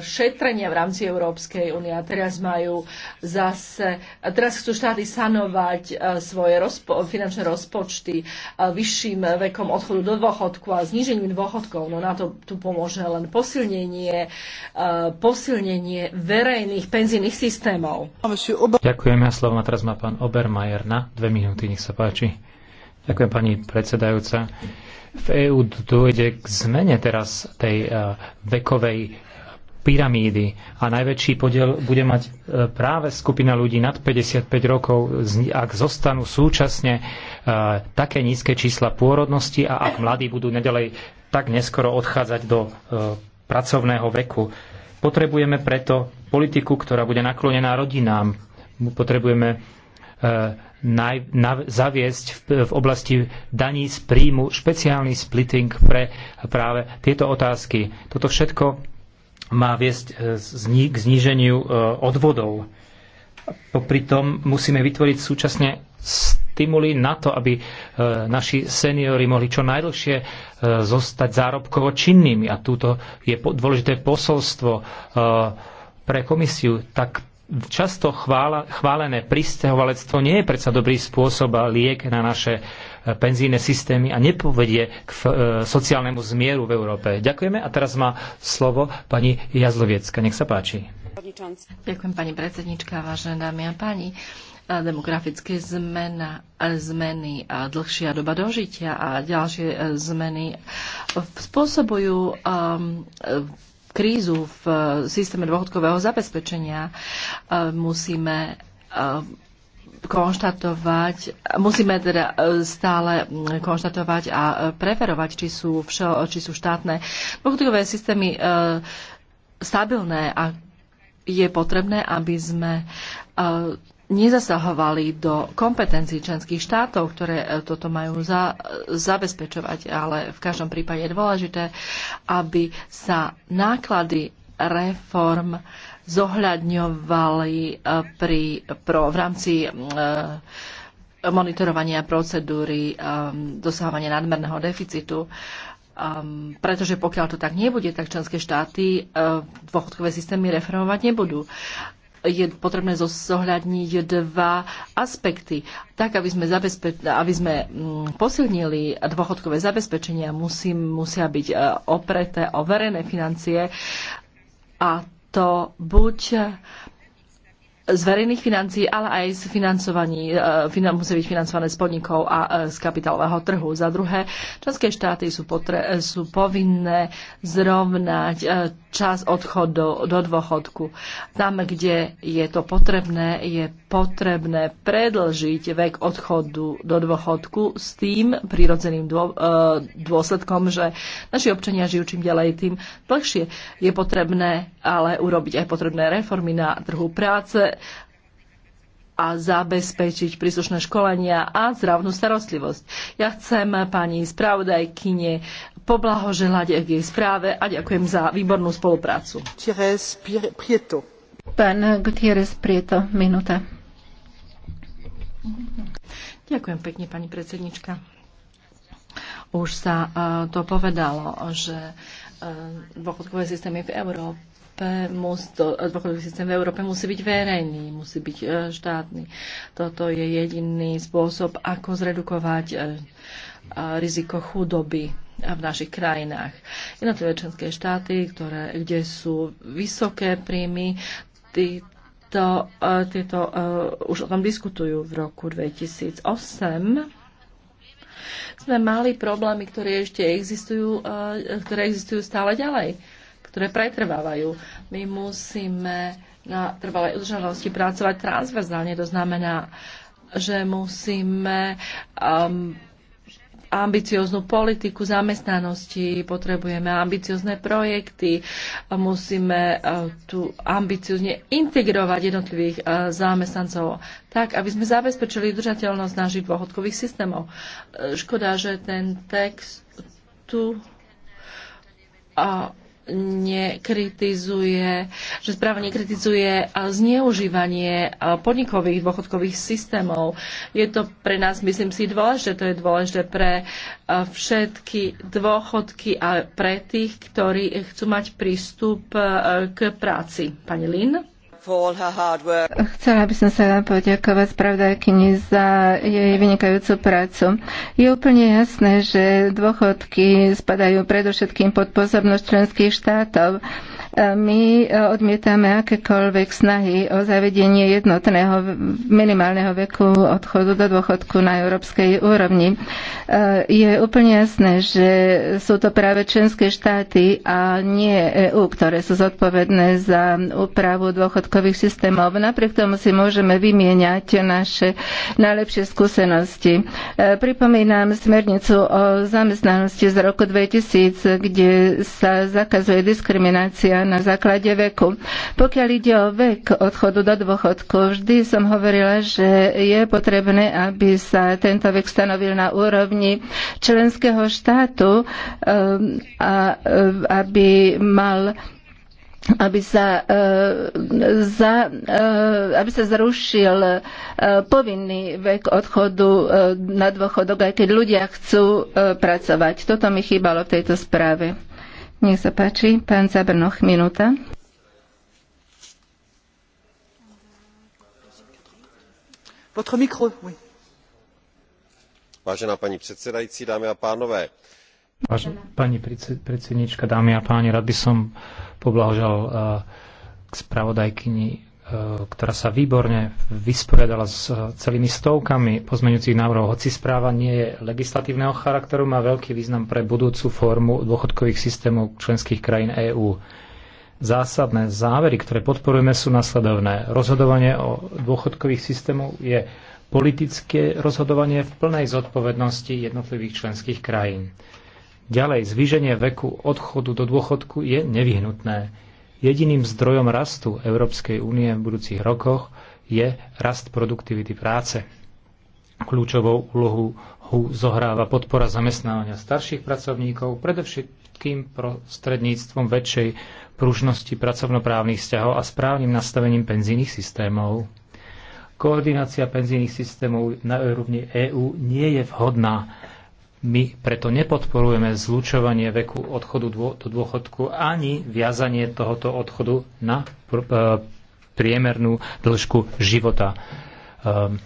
šetrenia v rámci Európskej únie teraz majú zase, teraz chcú štáty sanovať svoje rozpo, finančné rozpočty vyšším vekom odchodu do dôchodku a znížením dôchodkov. No na to tu pomôže len posilnenie, posilnenie verejných penzijných systémov. Ďakujem, ja slovo teraz má pán Obermajer na dve minúty, nech sa páči. Ďakujem pani predsedajúca. V EÚ dojde k zmene teraz tej e, vekovej pyramídy a najväčší podiel bude mať e, práve skupina ľudí nad 55 rokov, ak zostanú súčasne e, také nízke čísla pôrodnosti a ak mladí budú nedalej tak neskoro odchádzať do pracovného veku. Potrebujeme preto politiku, ktorá bude naklonená rodinám. Potrebujeme naj, na, zaviesť v, v oblasti daní z príjmu špeciálny splitting pre práve tieto otázky. Toto všetko má viesť e, zni, k zníženiu e, odvodov. Popri tom musíme vytvoriť súčasne stimuly na to, aby e, naši seniory mohli čo najdlhšie zostať zárobkovo činnými. A túto je dôležité posolstvo pre komisiu. Tak často chvála, chválené pristahovalectvo nie je predsa dobrý spôsob a liek na naše e, penzíne systémy a nepovedie k f, e, sociálnemu zmieru v Európe. Ďakujeme a teraz má slovo pani Jazloviecka. Nech sa páči. Ďakujem pani predsednička, vážené dámy a páni e, demografické zmena, e, zmeny a dlhšia doba dožitia a ďalšie zmeny spôsobujú um, krízu v eh, systéme dôchodkového zabezpečenia, eh, musíme eh, konštatovať, musíme teda stále mm, konštatovať a preferovať, či sú, všo, či sú štátne dôchodkové systémy stabilné a je potrebné, aby sme nezasahovali do kompetencií členských štátov, ktoré e, toto majú za, zabezpečovať, ale v každom prípade je dôležité, aby sa náklady reform zohľadňovali e, pri, pro, v rámci e, monitorovania procedúry dosahovania nadmerného deficitu. Um, pretože pokiaľ to tak nebude, tak členské štáty uh, dôchodkové systémy reformovať nebudú je potrebné zohľadniť dva aspekty. Tak, aby sme, aby sme mm, posilnili dôchodkové zabezpečenia, musí, musia byť e, opreté o verejné financie a to buď z verejných financií, ale aj z financovaní, e, finan, musí byť financované z podnikov a e, z kapitálového trhu. Za druhé, členské štáty sú, potre, e, sú povinné zrovnať čas odchodu do, do dôchodku. Tam, kde je to potrebné, je potrebné predlžiť vek odchodu do dôchodku s tým prírodzeným dôsledkom, že naši občania žijú čím ďalej, tým dlhšie. Je potrebné ale urobiť aj potrebné reformy na trhu práce, a zabezpečiť príslušné školenia a zdravnú starostlivosť. Ja chcem pani spravodajkyne poblahoželať k jej správe a ďakujem za výbornú spoluprácu. Pán Gutierrez Prieto, minúta. Ďakujem pekne, pani predsednička. Už sa e, to povedalo, že e, dôchodkové systémy v Európe Európe, dôchodkový systém v Európe musí byť verejný, musí byť e, štátny. Toto je jediný spôsob, ako zredukovať e, riziko chudoby e, v našich krajinách. Jednotlivé členské štáty, ktoré, kde sú vysoké príjmy, tí, to, uh, tieto, uh, už o tom diskutujú v roku 2008. Sme mali problémy, ktoré ešte existujú, uh, ktoré existujú stále ďalej ktoré pretrvávajú. My musíme na trvalej udržanosti pracovať transverzálne. To znamená, že musíme um, ambicióznu politiku zamestnanosti, potrebujeme ambiciozne projekty, musíme uh, tu ambiciozne integrovať jednotlivých uh, zamestnancov tak, aby sme zabezpečili udržateľnosť našich dôchodkových systémov. Uh, škoda, že ten text tu a nekritizuje, že správa nekritizuje zneužívanie podnikových dôchodkových systémov. Je to pre nás, myslím si, dôležité. To je dôležité pre všetky dôchodky a pre tých, ktorí chcú mať prístup k práci. Pani Lin? Chcela by som sa poďakovať spravodajkyni za jej vynikajúcu prácu. Je úplne jasné, že dôchodky spadajú predovšetkým pod pozornosť členských štátov my odmietame akékoľvek snahy o zavedenie jednotného minimálneho veku odchodu do dôchodku na európskej úrovni. E, je úplne jasné, že sú to práve členské štáty a nie EU, ktoré sú zodpovedné za úpravu dôchodkových systémov. Napriek tomu si môžeme vymieňať naše najlepšie skúsenosti. E, pripomínam smernicu o zamestnanosti z roku 2000, kde sa zakazuje diskriminácia na základe veku. Pokiaľ ide o vek odchodu do dôchodku, vždy som hovorila, že je potrebné, aby sa tento vek stanovil na úrovni členského štátu eh, a eh, aby mal aby sa, uh, za, uh, aby sa zrušil uh, povinný vek odchodu uh, na dôchodok, aj keď ľudia chcú uh, pracovať. Toto mi chýbalo v tejto správe. Nech sa páči, pán Zabrnoch, minúta. Votre micro, oui. Vážená pani predsedajúci, dámy a pánové. Vážená pani predsednička, dámy a páni, rád by som poblahožal eh, k spravodajkyni E, ktorá sa výborne vysporiadala s e, celými stovkami pozmeňujúcich návrhov. Hoci správa nie je legislatívneho charakteru, má veľký význam pre budúcu formu dôchodkových systémov členských krajín EÚ. Zásadné závery, ktoré podporujeme, sú nasledovné. Rozhodovanie o dôchodkových systémov je politické rozhodovanie v plnej zodpovednosti jednotlivých členských krajín. Ďalej, zvýženie veku odchodu do dôchodku je nevyhnutné Jediným zdrojom rastu Európskej únie v budúcich rokoch je rast produktivity práce. Kľúčovou úlohu HU zohráva podpora zamestnávania starších pracovníkov, predovšetkým prostredníctvom väčšej pružnosti pracovnoprávnych vzťahov a správnym nastavením penzijných systémov. Koordinácia penzijných systémov na úrovni EÚ nie je vhodná my preto nepodporujeme zlučovanie veku odchodu do dôchodku ani viazanie tohoto odchodu na e, priemernú dĺžku života. Ehm,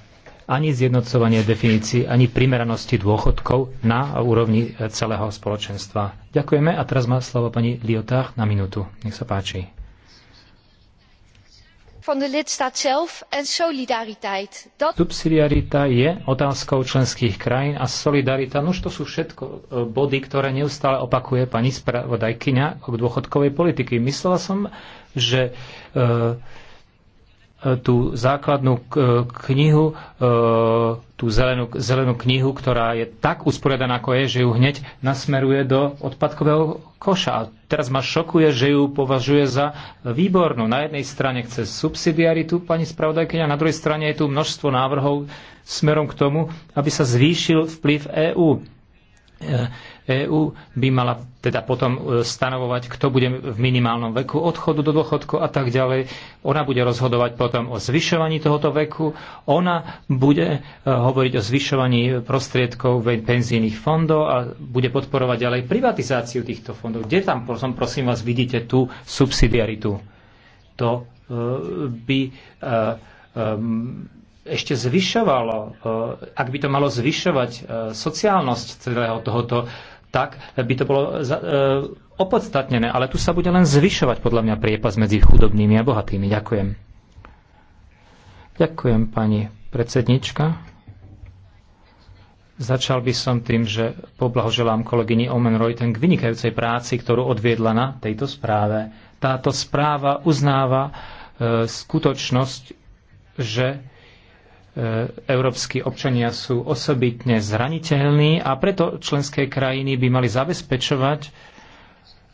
ani zjednocovanie definícií, ani primeranosti dôchodkov na úrovni celého spoločenstva. Ďakujeme a teraz má slovo pani Liotách na minútu. Nech sa páči van de lidstaat zelf en solidariteit. Dat... Subsidiarita je otázkou členských krajín a solidarita, už to sú všetko e, body, ktoré neustále opakuje pani spravodajkyňa k dôchodkovej politiky. Myslela som, že e, tú základnú knihu, e, tú zelenú, zelenú knihu, ktorá je tak usporiadaná, ako je, že ju hneď nasmeruje do odpadkového koša. A teraz ma šokuje, že ju považuje za výbornú. Na jednej strane chce subsidiaritu pani spravodajkyňa, na druhej strane je tu množstvo návrhov smerom k tomu, aby sa zvýšil vplyv EÚ. EÚ e by mala teda potom e, stanovovať, kto bude v minimálnom veku odchodu do dôchodku a tak ďalej. Ona bude rozhodovať potom o zvyšovaní tohoto veku, ona bude e, hovoriť o zvyšovaní prostriedkov penzijných fondov a bude podporovať ďalej privatizáciu týchto fondov. Kde tam, prosím vás, vidíte tú subsidiaritu? To e, by ešte zvyšovalo, ak by to malo zvyšovať sociálnosť celého tohoto tak by to bolo za, e, opodstatnené, ale tu sa bude len zvyšovať podľa mňa priepas medzi chudobnými a bohatými. Ďakujem. Ďakujem, pani predsednička. Začal by som tým, že poblahoželám kolegyni Omen Reuten k vynikajúcej práci, ktorú odviedla na tejto správe. Táto správa uznáva e, skutočnosť, že E, európsky občania sú osobitne zraniteľní a preto členské krajiny by mali zabezpečovať,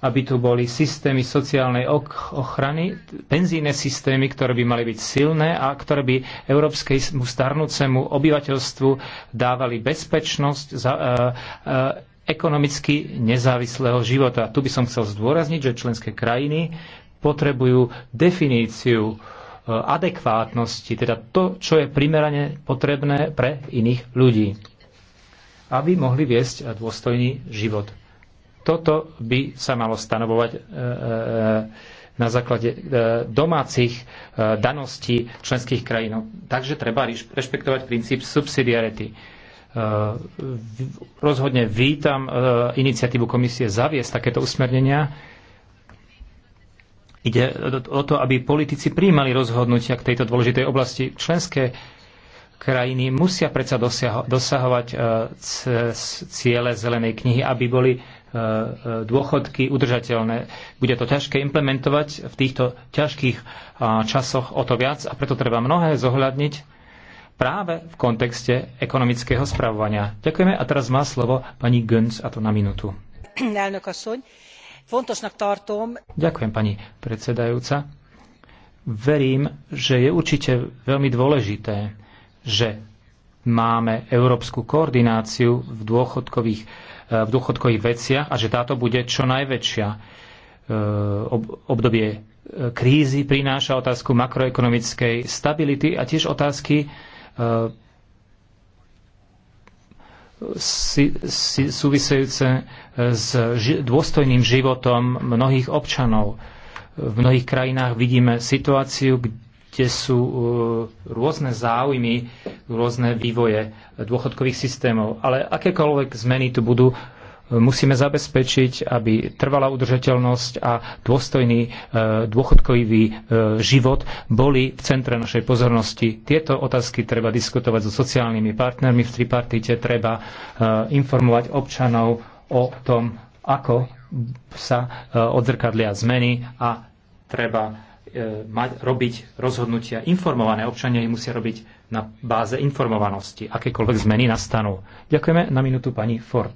aby tu boli systémy sociálnej ochrany, penzíne systémy, ktoré by mali byť silné a ktoré by európskemu starnúcemu obyvateľstvu dávali bezpečnosť za, e, e, ekonomicky nezávislého života. Tu by som chcel zdôrazniť, že členské krajiny potrebujú definíciu e, adekvátnosti, teda to, čo je primerane potrebné pre iných ľudí, aby mohli viesť dôstojný život. Toto by sa malo stanovovať e, e, e, na základe domácich daností členských krajín. No, takže treba rešpektovať princíp subsidiarity. Rozhodne vítam iniciatívu komisie zaviesť takéto usmernenia, Ide o to, aby politici príjmali rozhodnutia k tejto dôležitej oblasti. Členské krajiny musia predsa dosiaho- dosahovať e, ciele zelenej knihy, aby boli e, e, dôchodky udržateľné. Bude to ťažké implementovať v týchto ťažkých časoch o to viac a preto treba mnohé zohľadniť práve v kontexte ekonomického spravovania. Ďakujeme a teraz má slovo pani Gönc a to na minútu. Fontosnak tartom. Ďakujem, pani predsedajúca. Verím, že je určite veľmi dôležité, že máme európsku koordináciu v dôchodkových, e, v dôchodkových veciach a že táto bude čo najväčšia. E, obdobie e, krízy prináša otázku makroekonomickej stability a tiež otázky súvisejúce eh, s dôstojným životom mnohých občanov. V mnohých krajinách vidíme situáciu, kde sú eh, rôzne záujmy, rôzne vývoje dôchodkových systémov. Ale akékoľvek zmeny tu budú, musíme zabezpečiť, aby trvalá udržateľnosť a dôstojný e, dôchodkový e, život boli v centre našej pozornosti. Tieto otázky treba diskutovať so sociálnymi partnermi v tripartite, treba e, informovať občanov o tom, ako sa odzrkadlia zmeny a treba mať, robiť rozhodnutia informované. Občania ich musia robiť na báze informovanosti, akékoľvek zmeny nastanú. Ďakujeme na minútu pani Ford.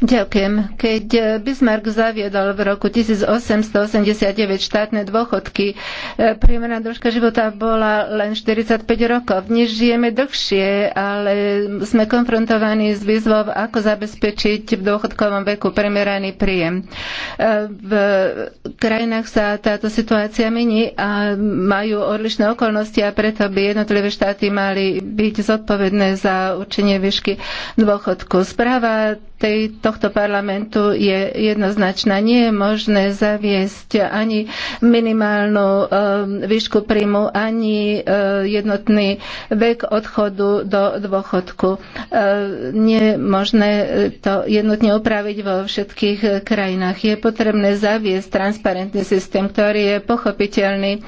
Ďakujem. Keď eh, Bismarck zaviedol v roku 1889 štátne dôchodky, eh, priemerná dĺžka života bola len 45 rokov. Dnes žijeme dlhšie, ale sme konfrontovaní s výzvou, ako zabezpečiť v dôchodkovom veku primeraný príjem. Eh, v krajinách sa táto situácia mení a majú odlišné okolnosti a preto by jednotlivé štáty mali byť zodpovedné za určenie výšky dôchodku. Správa tej, tohto parlamentu je jednoznačná. Nie je možné zaviesť ani minimálnu um, výšku príjmu, ani uh, jednotný vek odchodu do dôchodku. Uh, nie je možné to jednotne upraviť vo všetkých krajinách. Je potrebné zaviesť transparentný systém, ktorý je pochopiteľný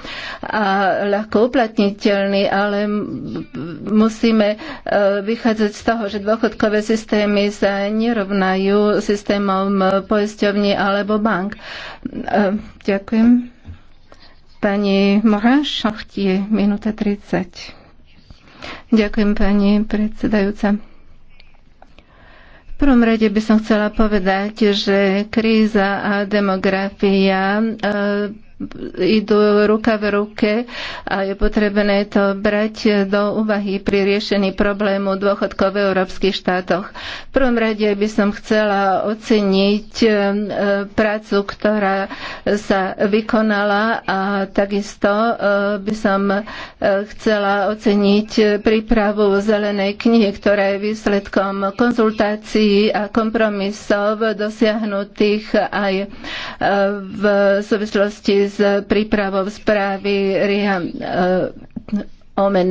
a ľahko uplatniteľný, ale musíme uh, vychádzať z toho, že dôchodkové systémy sa nerozvíjajú porovnajú systémom poisťovní alebo bank. E, ďakujem. Pani Morin Šachtie, minúta 30. Ďakujem, pani predsedajúca. V prvom rade by som chcela povedať, že kríza a demografia e, idú ruka v ruke a je potrebné to brať do úvahy pri riešení problému dôchodkov v európskych štátoch. V prvom rade by som chcela oceniť e, prácu, ktorá sa vykonala a takisto e, by som e, chcela oceniť prípravu zelenej knihy, ktorá je výsledkom konzultácií a kompromisov dosiahnutých aj v súvislosti s prípravou správy Riha eh, omen.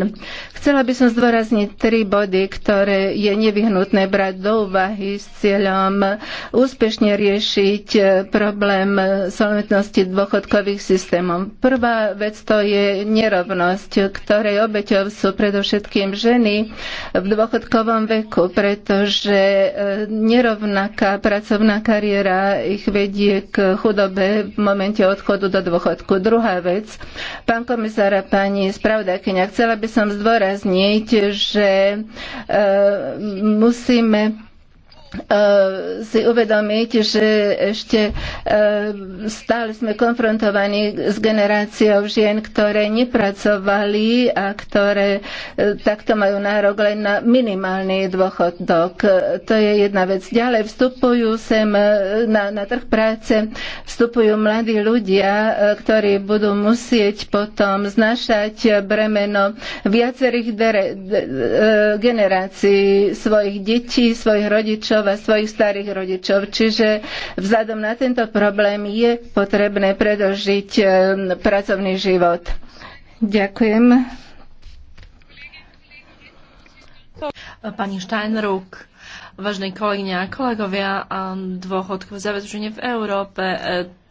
Chcela by som zdôrazniť tri body, ktoré je nevyhnutné brať do úvahy s cieľom úspešne riešiť problém solventnosti dôchodkových systémov. Prvá vec to je nerovnosť, ktorej obeťov sú predovšetkým ženy v dôchodkovom veku, pretože e, nerovnaká pracovná kariéra ich vedie k chudobe v momente odchodu do dôchodku. Druhá vec, pán komisár a pani spravodajkyňa, chcem Chcela by som zdôrazniť, že e, musíme Eh, si uvedomiť, že ešte eh, stále sme konfrontovaní s generáciou žien, ktoré nepracovali a ktoré eh, takto majú nárok len na minimálny dôchodok. To je jedna vec. Ďalej vstupujú sem na, na trh práce, vstupujú mladí ľudia, ktorí budú musieť potom znašať bremeno viacerých generácií svojich detí, svojich rodičov, rodičov a svojich starých rodičov. Čiže vzhľadom na tento problém je potrebné predlžiť e, pracovný život. Ďakujem. Pani Steinruck, Vážne kolegyne a kolegovia, dôchodkové zabezpečenie v Európe, e,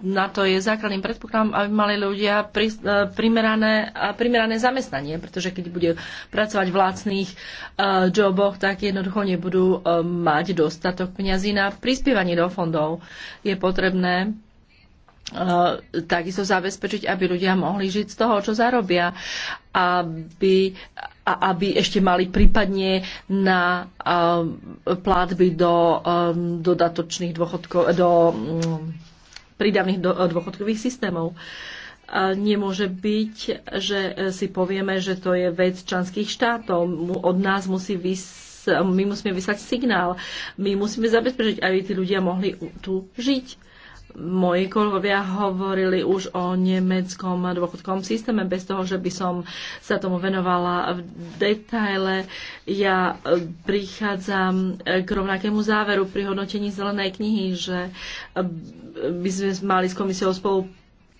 na to je základným predpokladom, aby mali ľudia pri, e, primerané, primerané zamestnanie, pretože keď budú pracovať v lacných uh, joboch, tak jednoducho nebudú uh, mať dostatok peňazí na prispievanie do fondov. Je potrebné takisto zabezpečiť, aby ľudia mohli žiť z toho, čo zarobia, aby a aby ešte mali prípadne na eh, plátby do eh, dodatočných dôchodkov, do mm, prídavných eh, dôchodkových systémov. Nemôže byť, že si povieme, že to je vec členských štátov. Od nás musí vys- my musíme vysať signál. My musíme zabezpečiť, aby tí ľudia mohli tu žiť moji kolegovia hovorili už o nemeckom dôchodkovom systéme, bez toho, že by som sa tomu venovala v detaile. Ja e, prichádzam e, k rovnakému záveru pri hodnotení zelenej knihy, že e, by sme mali s komisiou spolu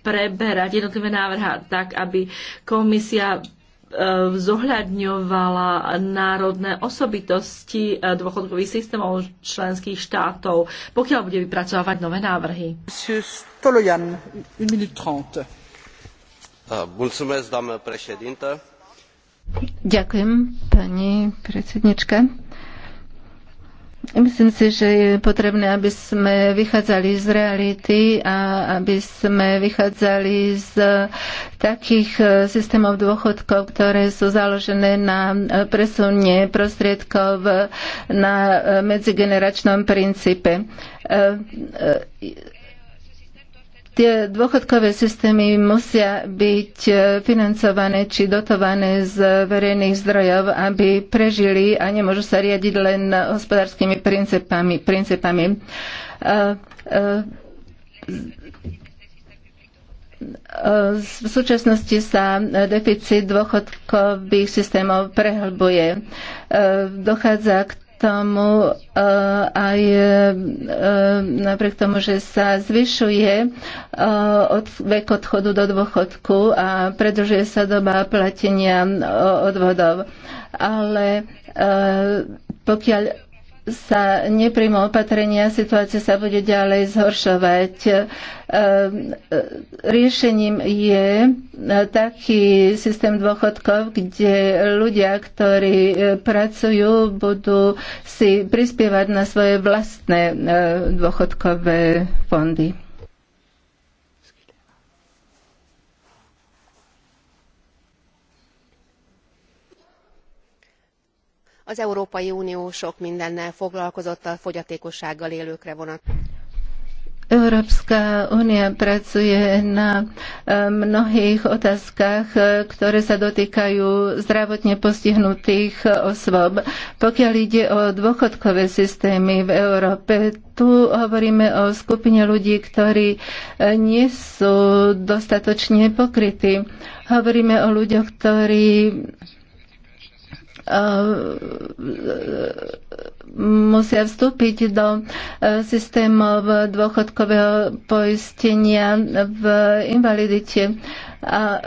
preberať jednotlivé návrha tak, aby komisia E, zohľadňovala národné osobitosti e, dôchodkových systémov členských štátov, pokiaľ bude vypracovávať nové návrhy. Ďakujem, pani predsednička. Myslím si, že je potrebné, aby sme vychádzali z reality a aby sme vychádzali z takých e, systémov dôchodkov, ktoré sú založené na e, presunie prostriedkov e, na medzigeneračnom princípe Tie dôchodkové systémy musia byť e, financované či dotované z verejných zdrojov, aby prežili a nemôžu sa riadiť len hospodárskymi princípami. princípami. E, e, v súčasnosti sa deficit dôchodkových systémov prehlbuje. Dochádza k tomu eh, aj eh, napriek tomu, že sa zvyšuje eh, od vek odchodu do dôchodku a predlžuje sa doba platenia odvodov. Ale pokiaľ sa nepríjmu opatrenia, situácia sa bude ďalej zhoršovať. E, e, riešením je e, taký systém dôchodkov, kde ľudia, ktorí pracujú, budú si prispievať na svoje vlastné dôchodkové fondy. az európai unió sok mindennel foglalkozott a fogyatékossággal élőkre vonatkozóan. Európska únia pracuje na mnohých otázkach, ktoré sa dotýkajú zdravotne postihnutých osôb. Pokiaľ ide o dôchodkové systémy v Európe, tu hovoríme o skupine ľudí, ktorí e, nie sú dostatočne pokrytí. Hovoríme o ľuďoch, ktorí Ehm, musia vstúpiť do e, systémov dôchodkového poistenia v invalidite. A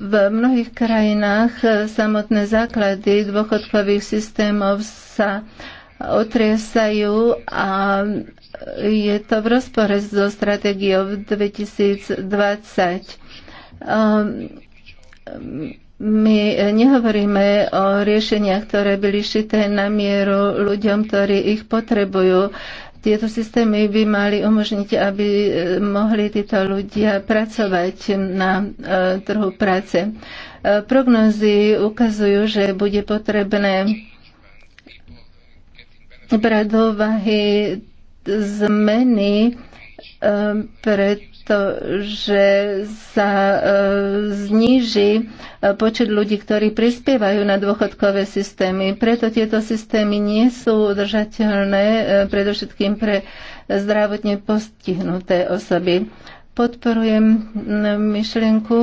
v mnohých krajinách e, samotné základy dôchodkových systémov sa otriesajú a je to v rozpore so stratégiou 2020. My eh, nehovoríme o riešeniach, ktoré byli šité na mieru ľuďom, ktorí ich potrebujú. Tieto systémy by mali umožniť, aby eh, mohli títo ľudia pracovať na eh, trhu práce. Prognozy ukazujú, že bude potrebné brať do úvahy zmeny pred to, že sa e, zníži e, počet ľudí, ktorí prispievajú na dôchodkové systémy. Preto tieto systémy nie sú udržateľné, e, predovšetkým pre zdravotne postihnuté osoby. Podporujem myšlienku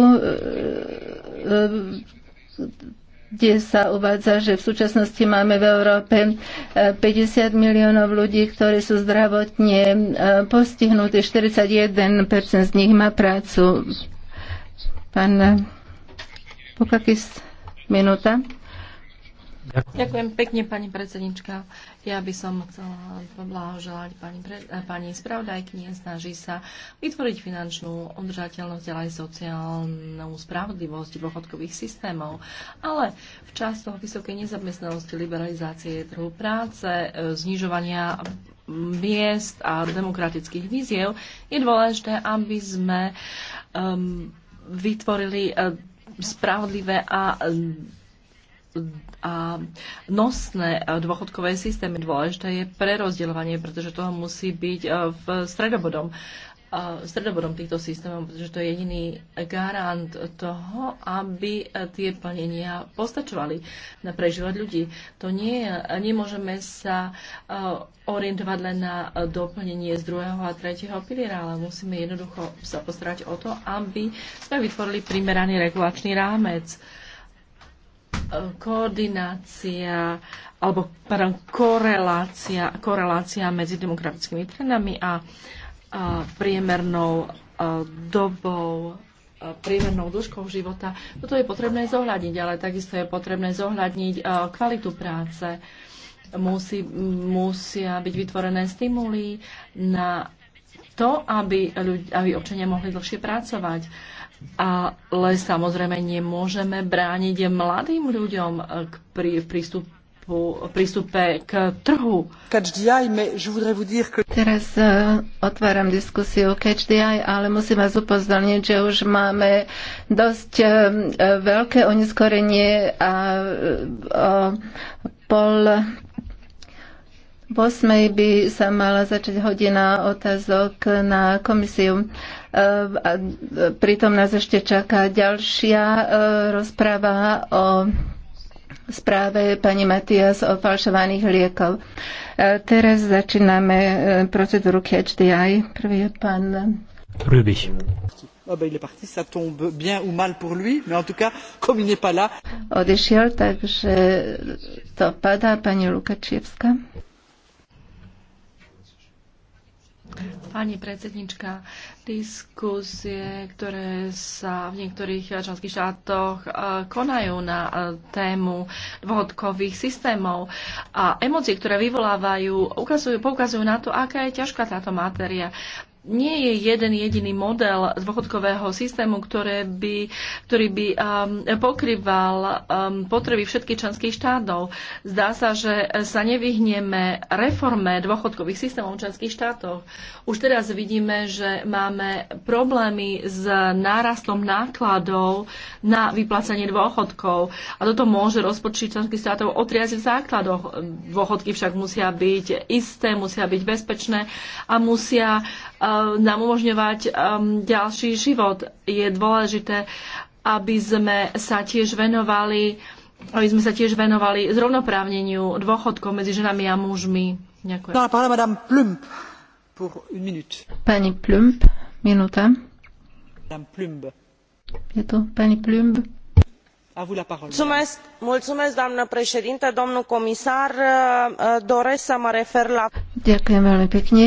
kde sa uvádza, že v súčasnosti máme v Európe 50 e, miliónov ľudí, ktorí sú zdravotne e, postihnutí, 41% z nich má prácu. Pán Pukakis, minúta. Ďakujem. Ďakujem pekne, pani predsednička. Ja by som chcela poblahoželať pani, eh, pani spravodajkyni, snaží sa vytvoriť finančnú udržateľnosť, ale aj sociálnu spravodlivosť dôchodkových systémov. Ale v časoch vysokej nezamestnanosti, liberalizácie trhu práce, eh, znižovania miest a demokratických víziev, je dôležité, aby sme um, vytvorili uh, spravodlivé a a nosné e, dôchodkové systémy. Dôležité je prerozdeľovanie, pretože toho musí byť e, v stredobodom e, stredobodom týchto systémov, pretože to je jediný garant toho, aby tie plnenia postačovali na prežívať ľudí. To nie, nemôžeme sa orientovať len na doplnenie z druhého a tretieho piliera, ale musíme jednoducho sa postarať o to, aby sme vytvorili primeraný regulačný rámec koordinácia alebo pardon, korelácia, korelácia medzi demografickými trendami a, a priemernou a dobou priemernou dĺžkou života. Toto je potrebné zohľadniť, ale takisto je potrebné zohľadniť kvalitu práce. Musí, musia byť vytvorené stimuly na to, aby, ľudia, aby občania mohli dlhšie pracovať ale samozrejme nemôžeme brániť mladým ľuďom k prí, v prístupu prístupe k trhu. Teraz e, otváram diskusiu Catch the Eye, ale musím vás upozorniť, že už máme dosť uh, veľké oneskorenie a uh, pol v 8 by sa mala začať hodina otázok na komisiu. Uh, Ehm, e, pritom nás ešte čaká ďalšia e, rozpráva o správe pani Matias o falšovaných liekov. E, teraz začíname procedúru Catch the Eye. Prvý je pán là. Odešiel, takže to padá pani Lukačievska. Pani predsednička, diskusie, ktoré sa v niektorých členských štátoch e, konajú na e, tému dôchodkových systémov a emócie, ktoré vyvolávajú, ukazujú, poukazujú na to, aká je ťažká táto matéria nie je jeden jediný model dôchodkového systému, ktoré by, ktorý by um, pokryval um, potreby všetkých členských štátov. Zdá sa, že sa nevyhneme reforme dôchodkových systémov v členských štátoch. Už teraz vidíme, že máme problémy s nárastom nákladov na vyplácanie dôchodkov. A toto môže rozpočiť členských štátov o v základoch. Dôchodky však musia byť isté, musia byť bezpečné a musia um, Eh, nám umožňovať ehm, ďalší život. Je dôležité, aby sme sa tiež venovali aby sme sa tiež venovali zrovnoprávneniu dôchodkov medzi ženami a mužmi. Ďakujem. No, pána, madame Plump, pour une minute. Pani Plump, minúta. Madame Je to pani Plumb. Eh, Ďakujem veľmi pekne.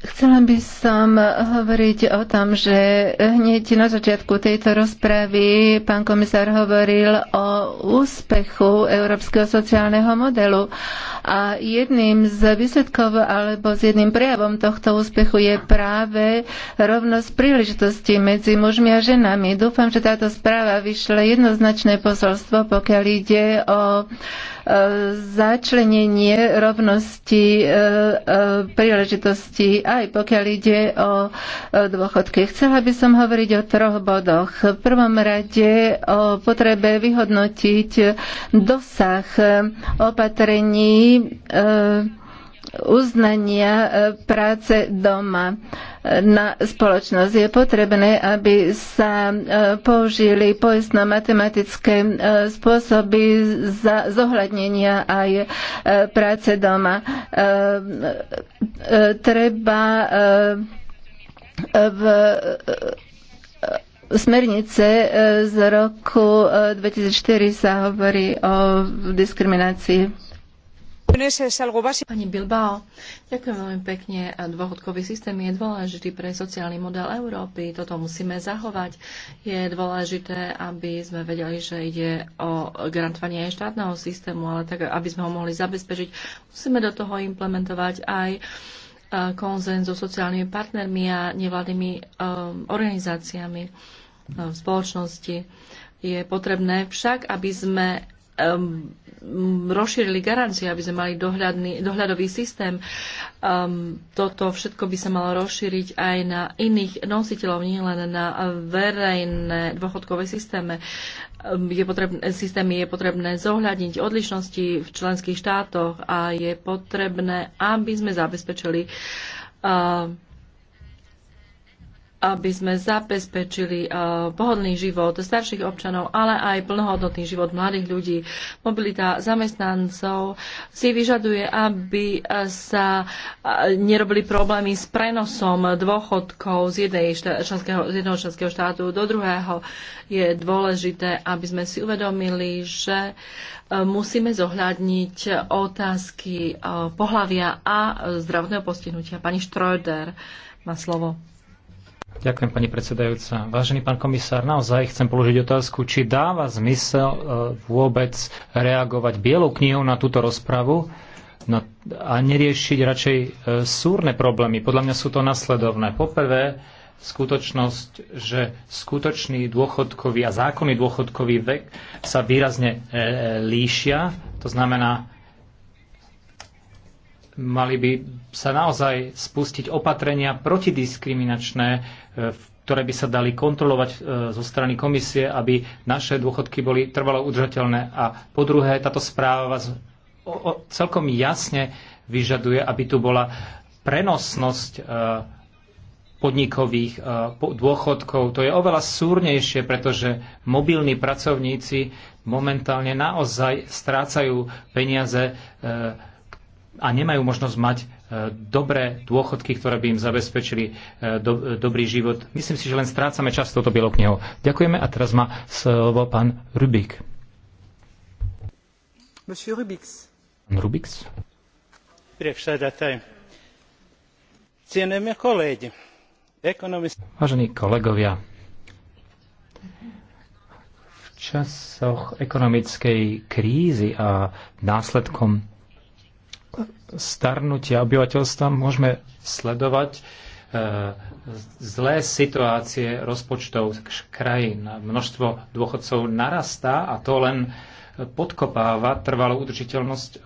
Chcela by som hovoriť o tom, že hneď na začiatku tejto rozpravy pán komisár hovoril o úspechu európskeho sociálneho modelu. A jedným z výsledkov alebo s jedným prejavom tohto úspechu je práve rovnosť príležitosti medzi mužmi a ženami. Dúfam, že táto správa vyšle jednoznačné posolstvo, pokiaľ ide o E, začlenenie rovnosti e, e, príležitosti aj pokiaľ ide o dôchodky. Chcela by som hovoriť o troch bodoch. V prvom rade o potrebe vyhodnotiť dosah opatrení uznania e, práce doma e, na spoločnosť. Je potrebné, aby sa e, použili poistno-matematické spôsoby za zohľadnenia aj práce doma. Treba v smernice z roku 2004 sa hovorí o diskriminácii Pani Bilbao, ďakujem veľmi pekne. Dôchodkový systém je dôležitý pre sociálny model Európy. Toto musíme zachovať. Je dôležité, aby sme vedeli, že ide o garantovanie štátneho systému, ale tak, aby sme ho mohli zabezpečiť, musíme do toho implementovať aj e, konzenz so sociálnymi partnermi a nevládnymi e, organizáciami e, v spoločnosti. Je potrebné však, aby sme rozšírili garancie, aby sme mali dohľadný, dohľadový systém. Um, toto všetko by sa malo rozšíriť aj na iných nositeľov, nielen na verejné dôchodkové systéme. Ehm, je potrebné, systémy je potrebné zohľadniť odlišnosti v členských štátoch a je potrebné, aby sme zabezpečili uh, aby sme zabezpečili eh, pohodlný život starších občanov, ale aj plnohodnotný život mladých ľudí. Mobilita zamestnancov si vyžaduje, aby eh, sa eh, nerobili problémy s prenosom dôchodkov z, členského, z jedného členského štátu do druhého. Je dôležité, aby sme si uvedomili, že musíme zohľadniť otázky pohlavia a zdravotného postihnutia. Pani Štrojder má slovo. Ďakujem, pani predsedajúca. Vážený pán komisár, naozaj chcem položiť otázku, či dáva zmysel e, vôbec reagovať bielou knihou na túto rozpravu no, a neriešiť radšej e, súrne problémy. Podľa mňa sú to nasledovné. Poprvé, skutočnosť, že skutočný dôchodkový a zákonný dôchodkový vek sa výrazne e, líšia. To znamená, mali by sa naozaj spustiť opatrenia protidiskriminačné, e, ktoré by sa dali kontrolovať e, zo strany komisie, aby naše dôchodky boli trvalo udržateľné. A po druhé, táto správa vás celkom jasne vyžaduje, aby tu bola prenosnosť e, podnikových dôchodkov. To je oveľa súrnejšie, pretože mobilní pracovníci momentálne naozaj strácajú peniaze a nemajú možnosť mať e, dobré dôchodky, ktoré by im zabezpečili e, do, e, dobrý život. Myslím si, že len strácame čas touto bielou knihou. Ďakujeme a teraz má slovo pán Rubik. Monsieur Pán Vážení kolegovia, v časoch ekonomickej krízy a následkom starnutia obyvateľstva môžeme sledovať e, zlé situácie rozpočtov krajín. Množstvo dôchodcov narastá a to len podkopáva trvalú udržiteľnosť e,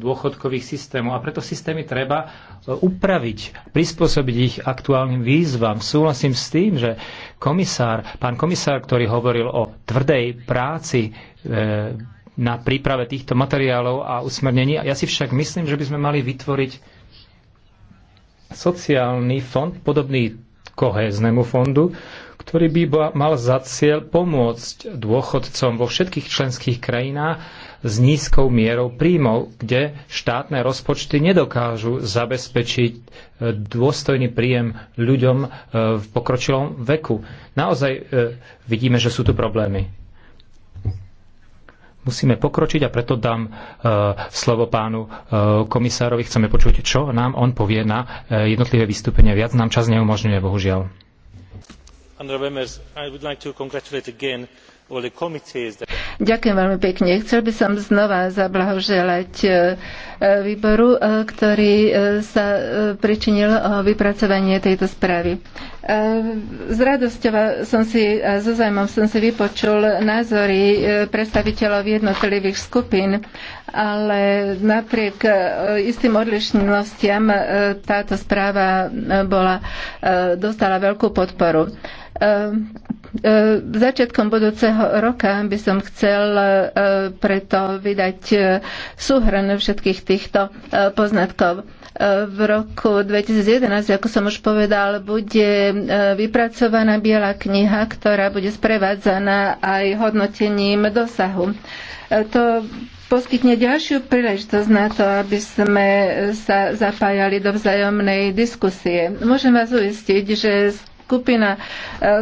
dôchodkových systémov. A preto systémy treba e, upraviť, prispôsobiť ich aktuálnym výzvam. Súhlasím s tým, že komisár, pán komisár, ktorý hovoril o tvrdej práci, na príprave týchto materiálov a usmernení. Ja si však myslím, že by sme mali vytvoriť sociálny fond, podobný kohéznemu fondu, ktorý by mal za cieľ pomôcť dôchodcom vo všetkých členských krajinách s nízkou mierou príjmov, kde štátne rozpočty nedokážu zabezpečiť e, dôstojný príjem ľuďom e, v pokročilom veku. Naozaj e, vidíme, že sú tu problémy. Musíme pokročiť a preto dám e, slovo pánu e, komisárovi. Chceme počuť, čo nám on povie na e, jednotlivé vystúpenia. Viac nám čas neumožňuje, bohužiaľ. Ďakujem veľmi pekne. Chcel by som znova zablahoželať e, e, výboru, e, ktorý sa pričinil o vypracovanie tejto správy. S radosťou som si a so zájmom som si vypočul názory predstaviteľov jednotlivých skupín, ale napriek istým odlišnostiam táto správa bola, dostala veľkú podporu. Ehm, ehm, začiatkom budúceho roka by som chcel ehm, preto vydať súhrn všetkých týchto poznatkov. V roku 2011, ako som už povedal, bude vypracovaná biela kniha, ktorá bude sprevádzaná aj hodnotením dosahu. To poskytne ďalšiu príležitosť na to, aby sme sa zapájali do vzájomnej diskusie. Môžem vás uistiť, že Skupina e,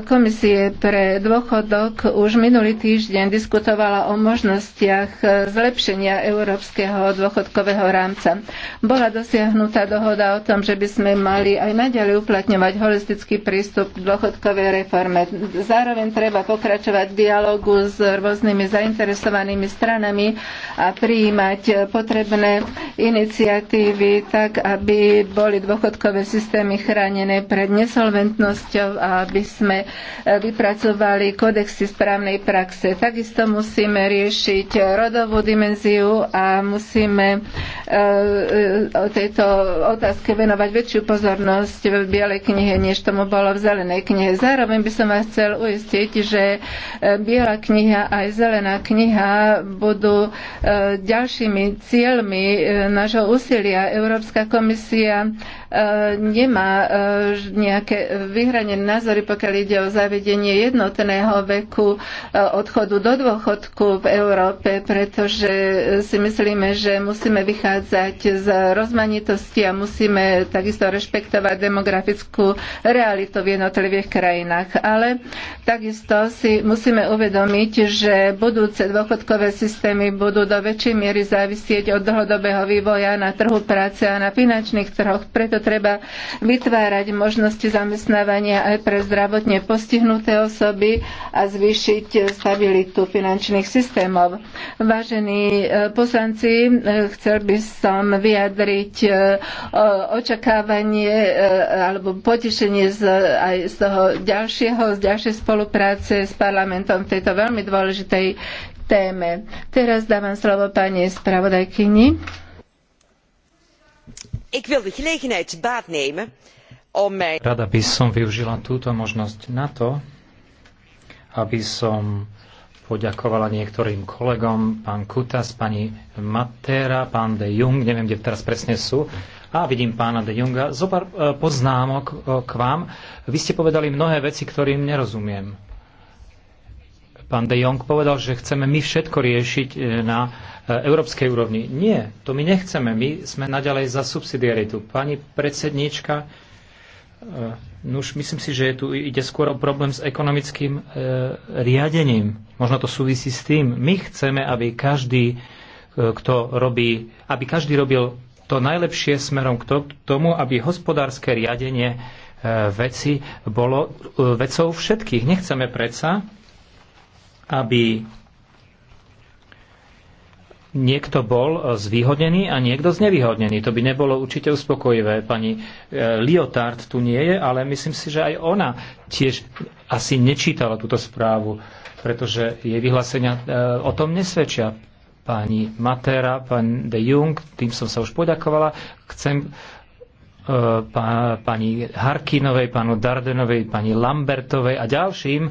Komisie pre dôchodok už minulý týždeň diskutovala o možnostiach e, zlepšenia európskeho dôchodkového rámca. Bola dosiahnutá dohoda o tom, že by sme mali aj naďalej uplatňovať holistický prístup k dôchodkovej reforme. Zároveň treba pokračovať v dialogu s rôznymi zainteresovanými stranami a prijímať potrebné iniciatívy tak, aby boli dôchodkové systémy chránené pred nesolventnosťou oblasťou a aby sme e, vypracovali kodexy správnej praxe. Takisto musíme riešiť rodovú dimenziu a musíme e, e, o tejto otázke venovať väčšiu pozornosť v Bielej knihe, než tomu bolo v Zelenej knihe. Zároveň by som vás chcel uistiť, že Biela kniha aj Zelená kniha budú ďalšími cieľmi nášho úsilia. Európska komisia nemá nejaké vyhranie odstránené názory, pokiaľ ide o zavedenie jednotného veku e, odchodu do dôchodku v Európe, pretože e, si myslíme, že musíme vychádzať z rozmanitosti a musíme takisto rešpektovať demografickú realitu v jednotlivých krajinách. Ale takisto si musíme uvedomiť, že budúce dôchodkové systémy budú do väčšej miery závisieť od dlhodobého vývoja na trhu práce a na finančných trhoch. Preto treba vytvárať možnosti zamestnávania opatrenia aj pre zdravotne postihnuté osoby a zvýšiť stabilitu finančných systémov. Vážení e, poslanci, e, chcel by som vyjadriť e, očakávanie alebo potešenie z, aj z toho ďalšieho, z ďalšej spolupráce s parlamentom v tejto veľmi dôležitej téme. Teraz dávam slovo pani spravodajkyni. Ik wil de gelegenheid baat nemen Rada by som využila túto možnosť na to, aby som poďakovala niektorým kolegom, pán Kutas, pani Matera, pán De Jung, neviem, kde teraz presne sú, a vidím pána De Junga. Zopár e, poznámok e, k vám. Vy ste povedali mnohé veci, ktorým nerozumiem. Pán De Jong povedal, že chceme my všetko riešiť e, na európskej úrovni. Nie, to my nechceme. My sme naďalej za subsidiaritu. Pani predsedníčka, Eh, nuž, myslím si, že tu ide skôr o problém s ekonomickým e, riadením. Možno to súvisí s tým. My chceme, aby každý, e, kto robí, aby každý robil to najlepšie smerom k tomu, aby hospodárske riadenie e, veci bolo e, vecou všetkých. Nechceme predsa, aby niekto bol e, zvýhodnený a niekto znevýhodnený. To by nebolo určite uspokojivé. Pani e, Liotard tu nie je, ale myslím si, že aj ona tiež asi nečítala túto správu, pretože jej vyhlásenia e, o tom nesvedčia. Pani Matera, pán De Jung, tým som sa už poďakovala. Chcem pá, pani Harkinovej, pánu Dardenovej, pani Lambertovej a ďalším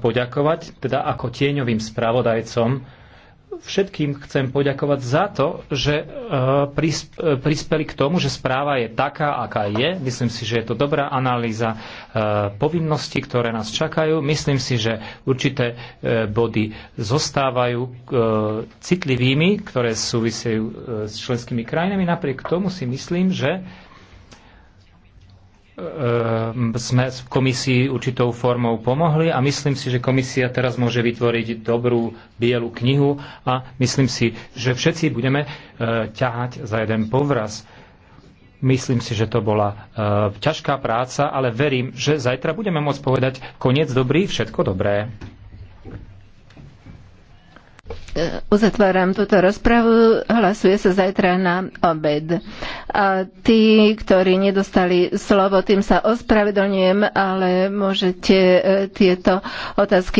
poďakovať, teda ako tieňovým spravodajcom všetkým chcem poďakovať za to, že e, e, prispeli k tomu, že správa je taká, aká je. Myslím si, že je to dobrá analýza e, povinností, ktoré nás čakajú. Myslím si, že určité body zostávajú citlivými, ktoré súvisejú s členskými krajinami. Napriek tomu si myslím, že Ehm, sme v komisii určitou formou pomohli a myslím si, že komisia teraz môže vytvoriť dobrú bielu knihu a myslím si, že všetci budeme e, ťahať za jeden povraz. Myslím si, že to bola e, ťažká práca, ale verím, že zajtra budeme môcť povedať koniec dobrý, všetko dobré. E, uzatváram túto rozpravu. Hlasuje sa zajtra na obed. A tí, ktorí nedostali slovo, tým sa ospravedlňujem, ale môžete e, tieto otázky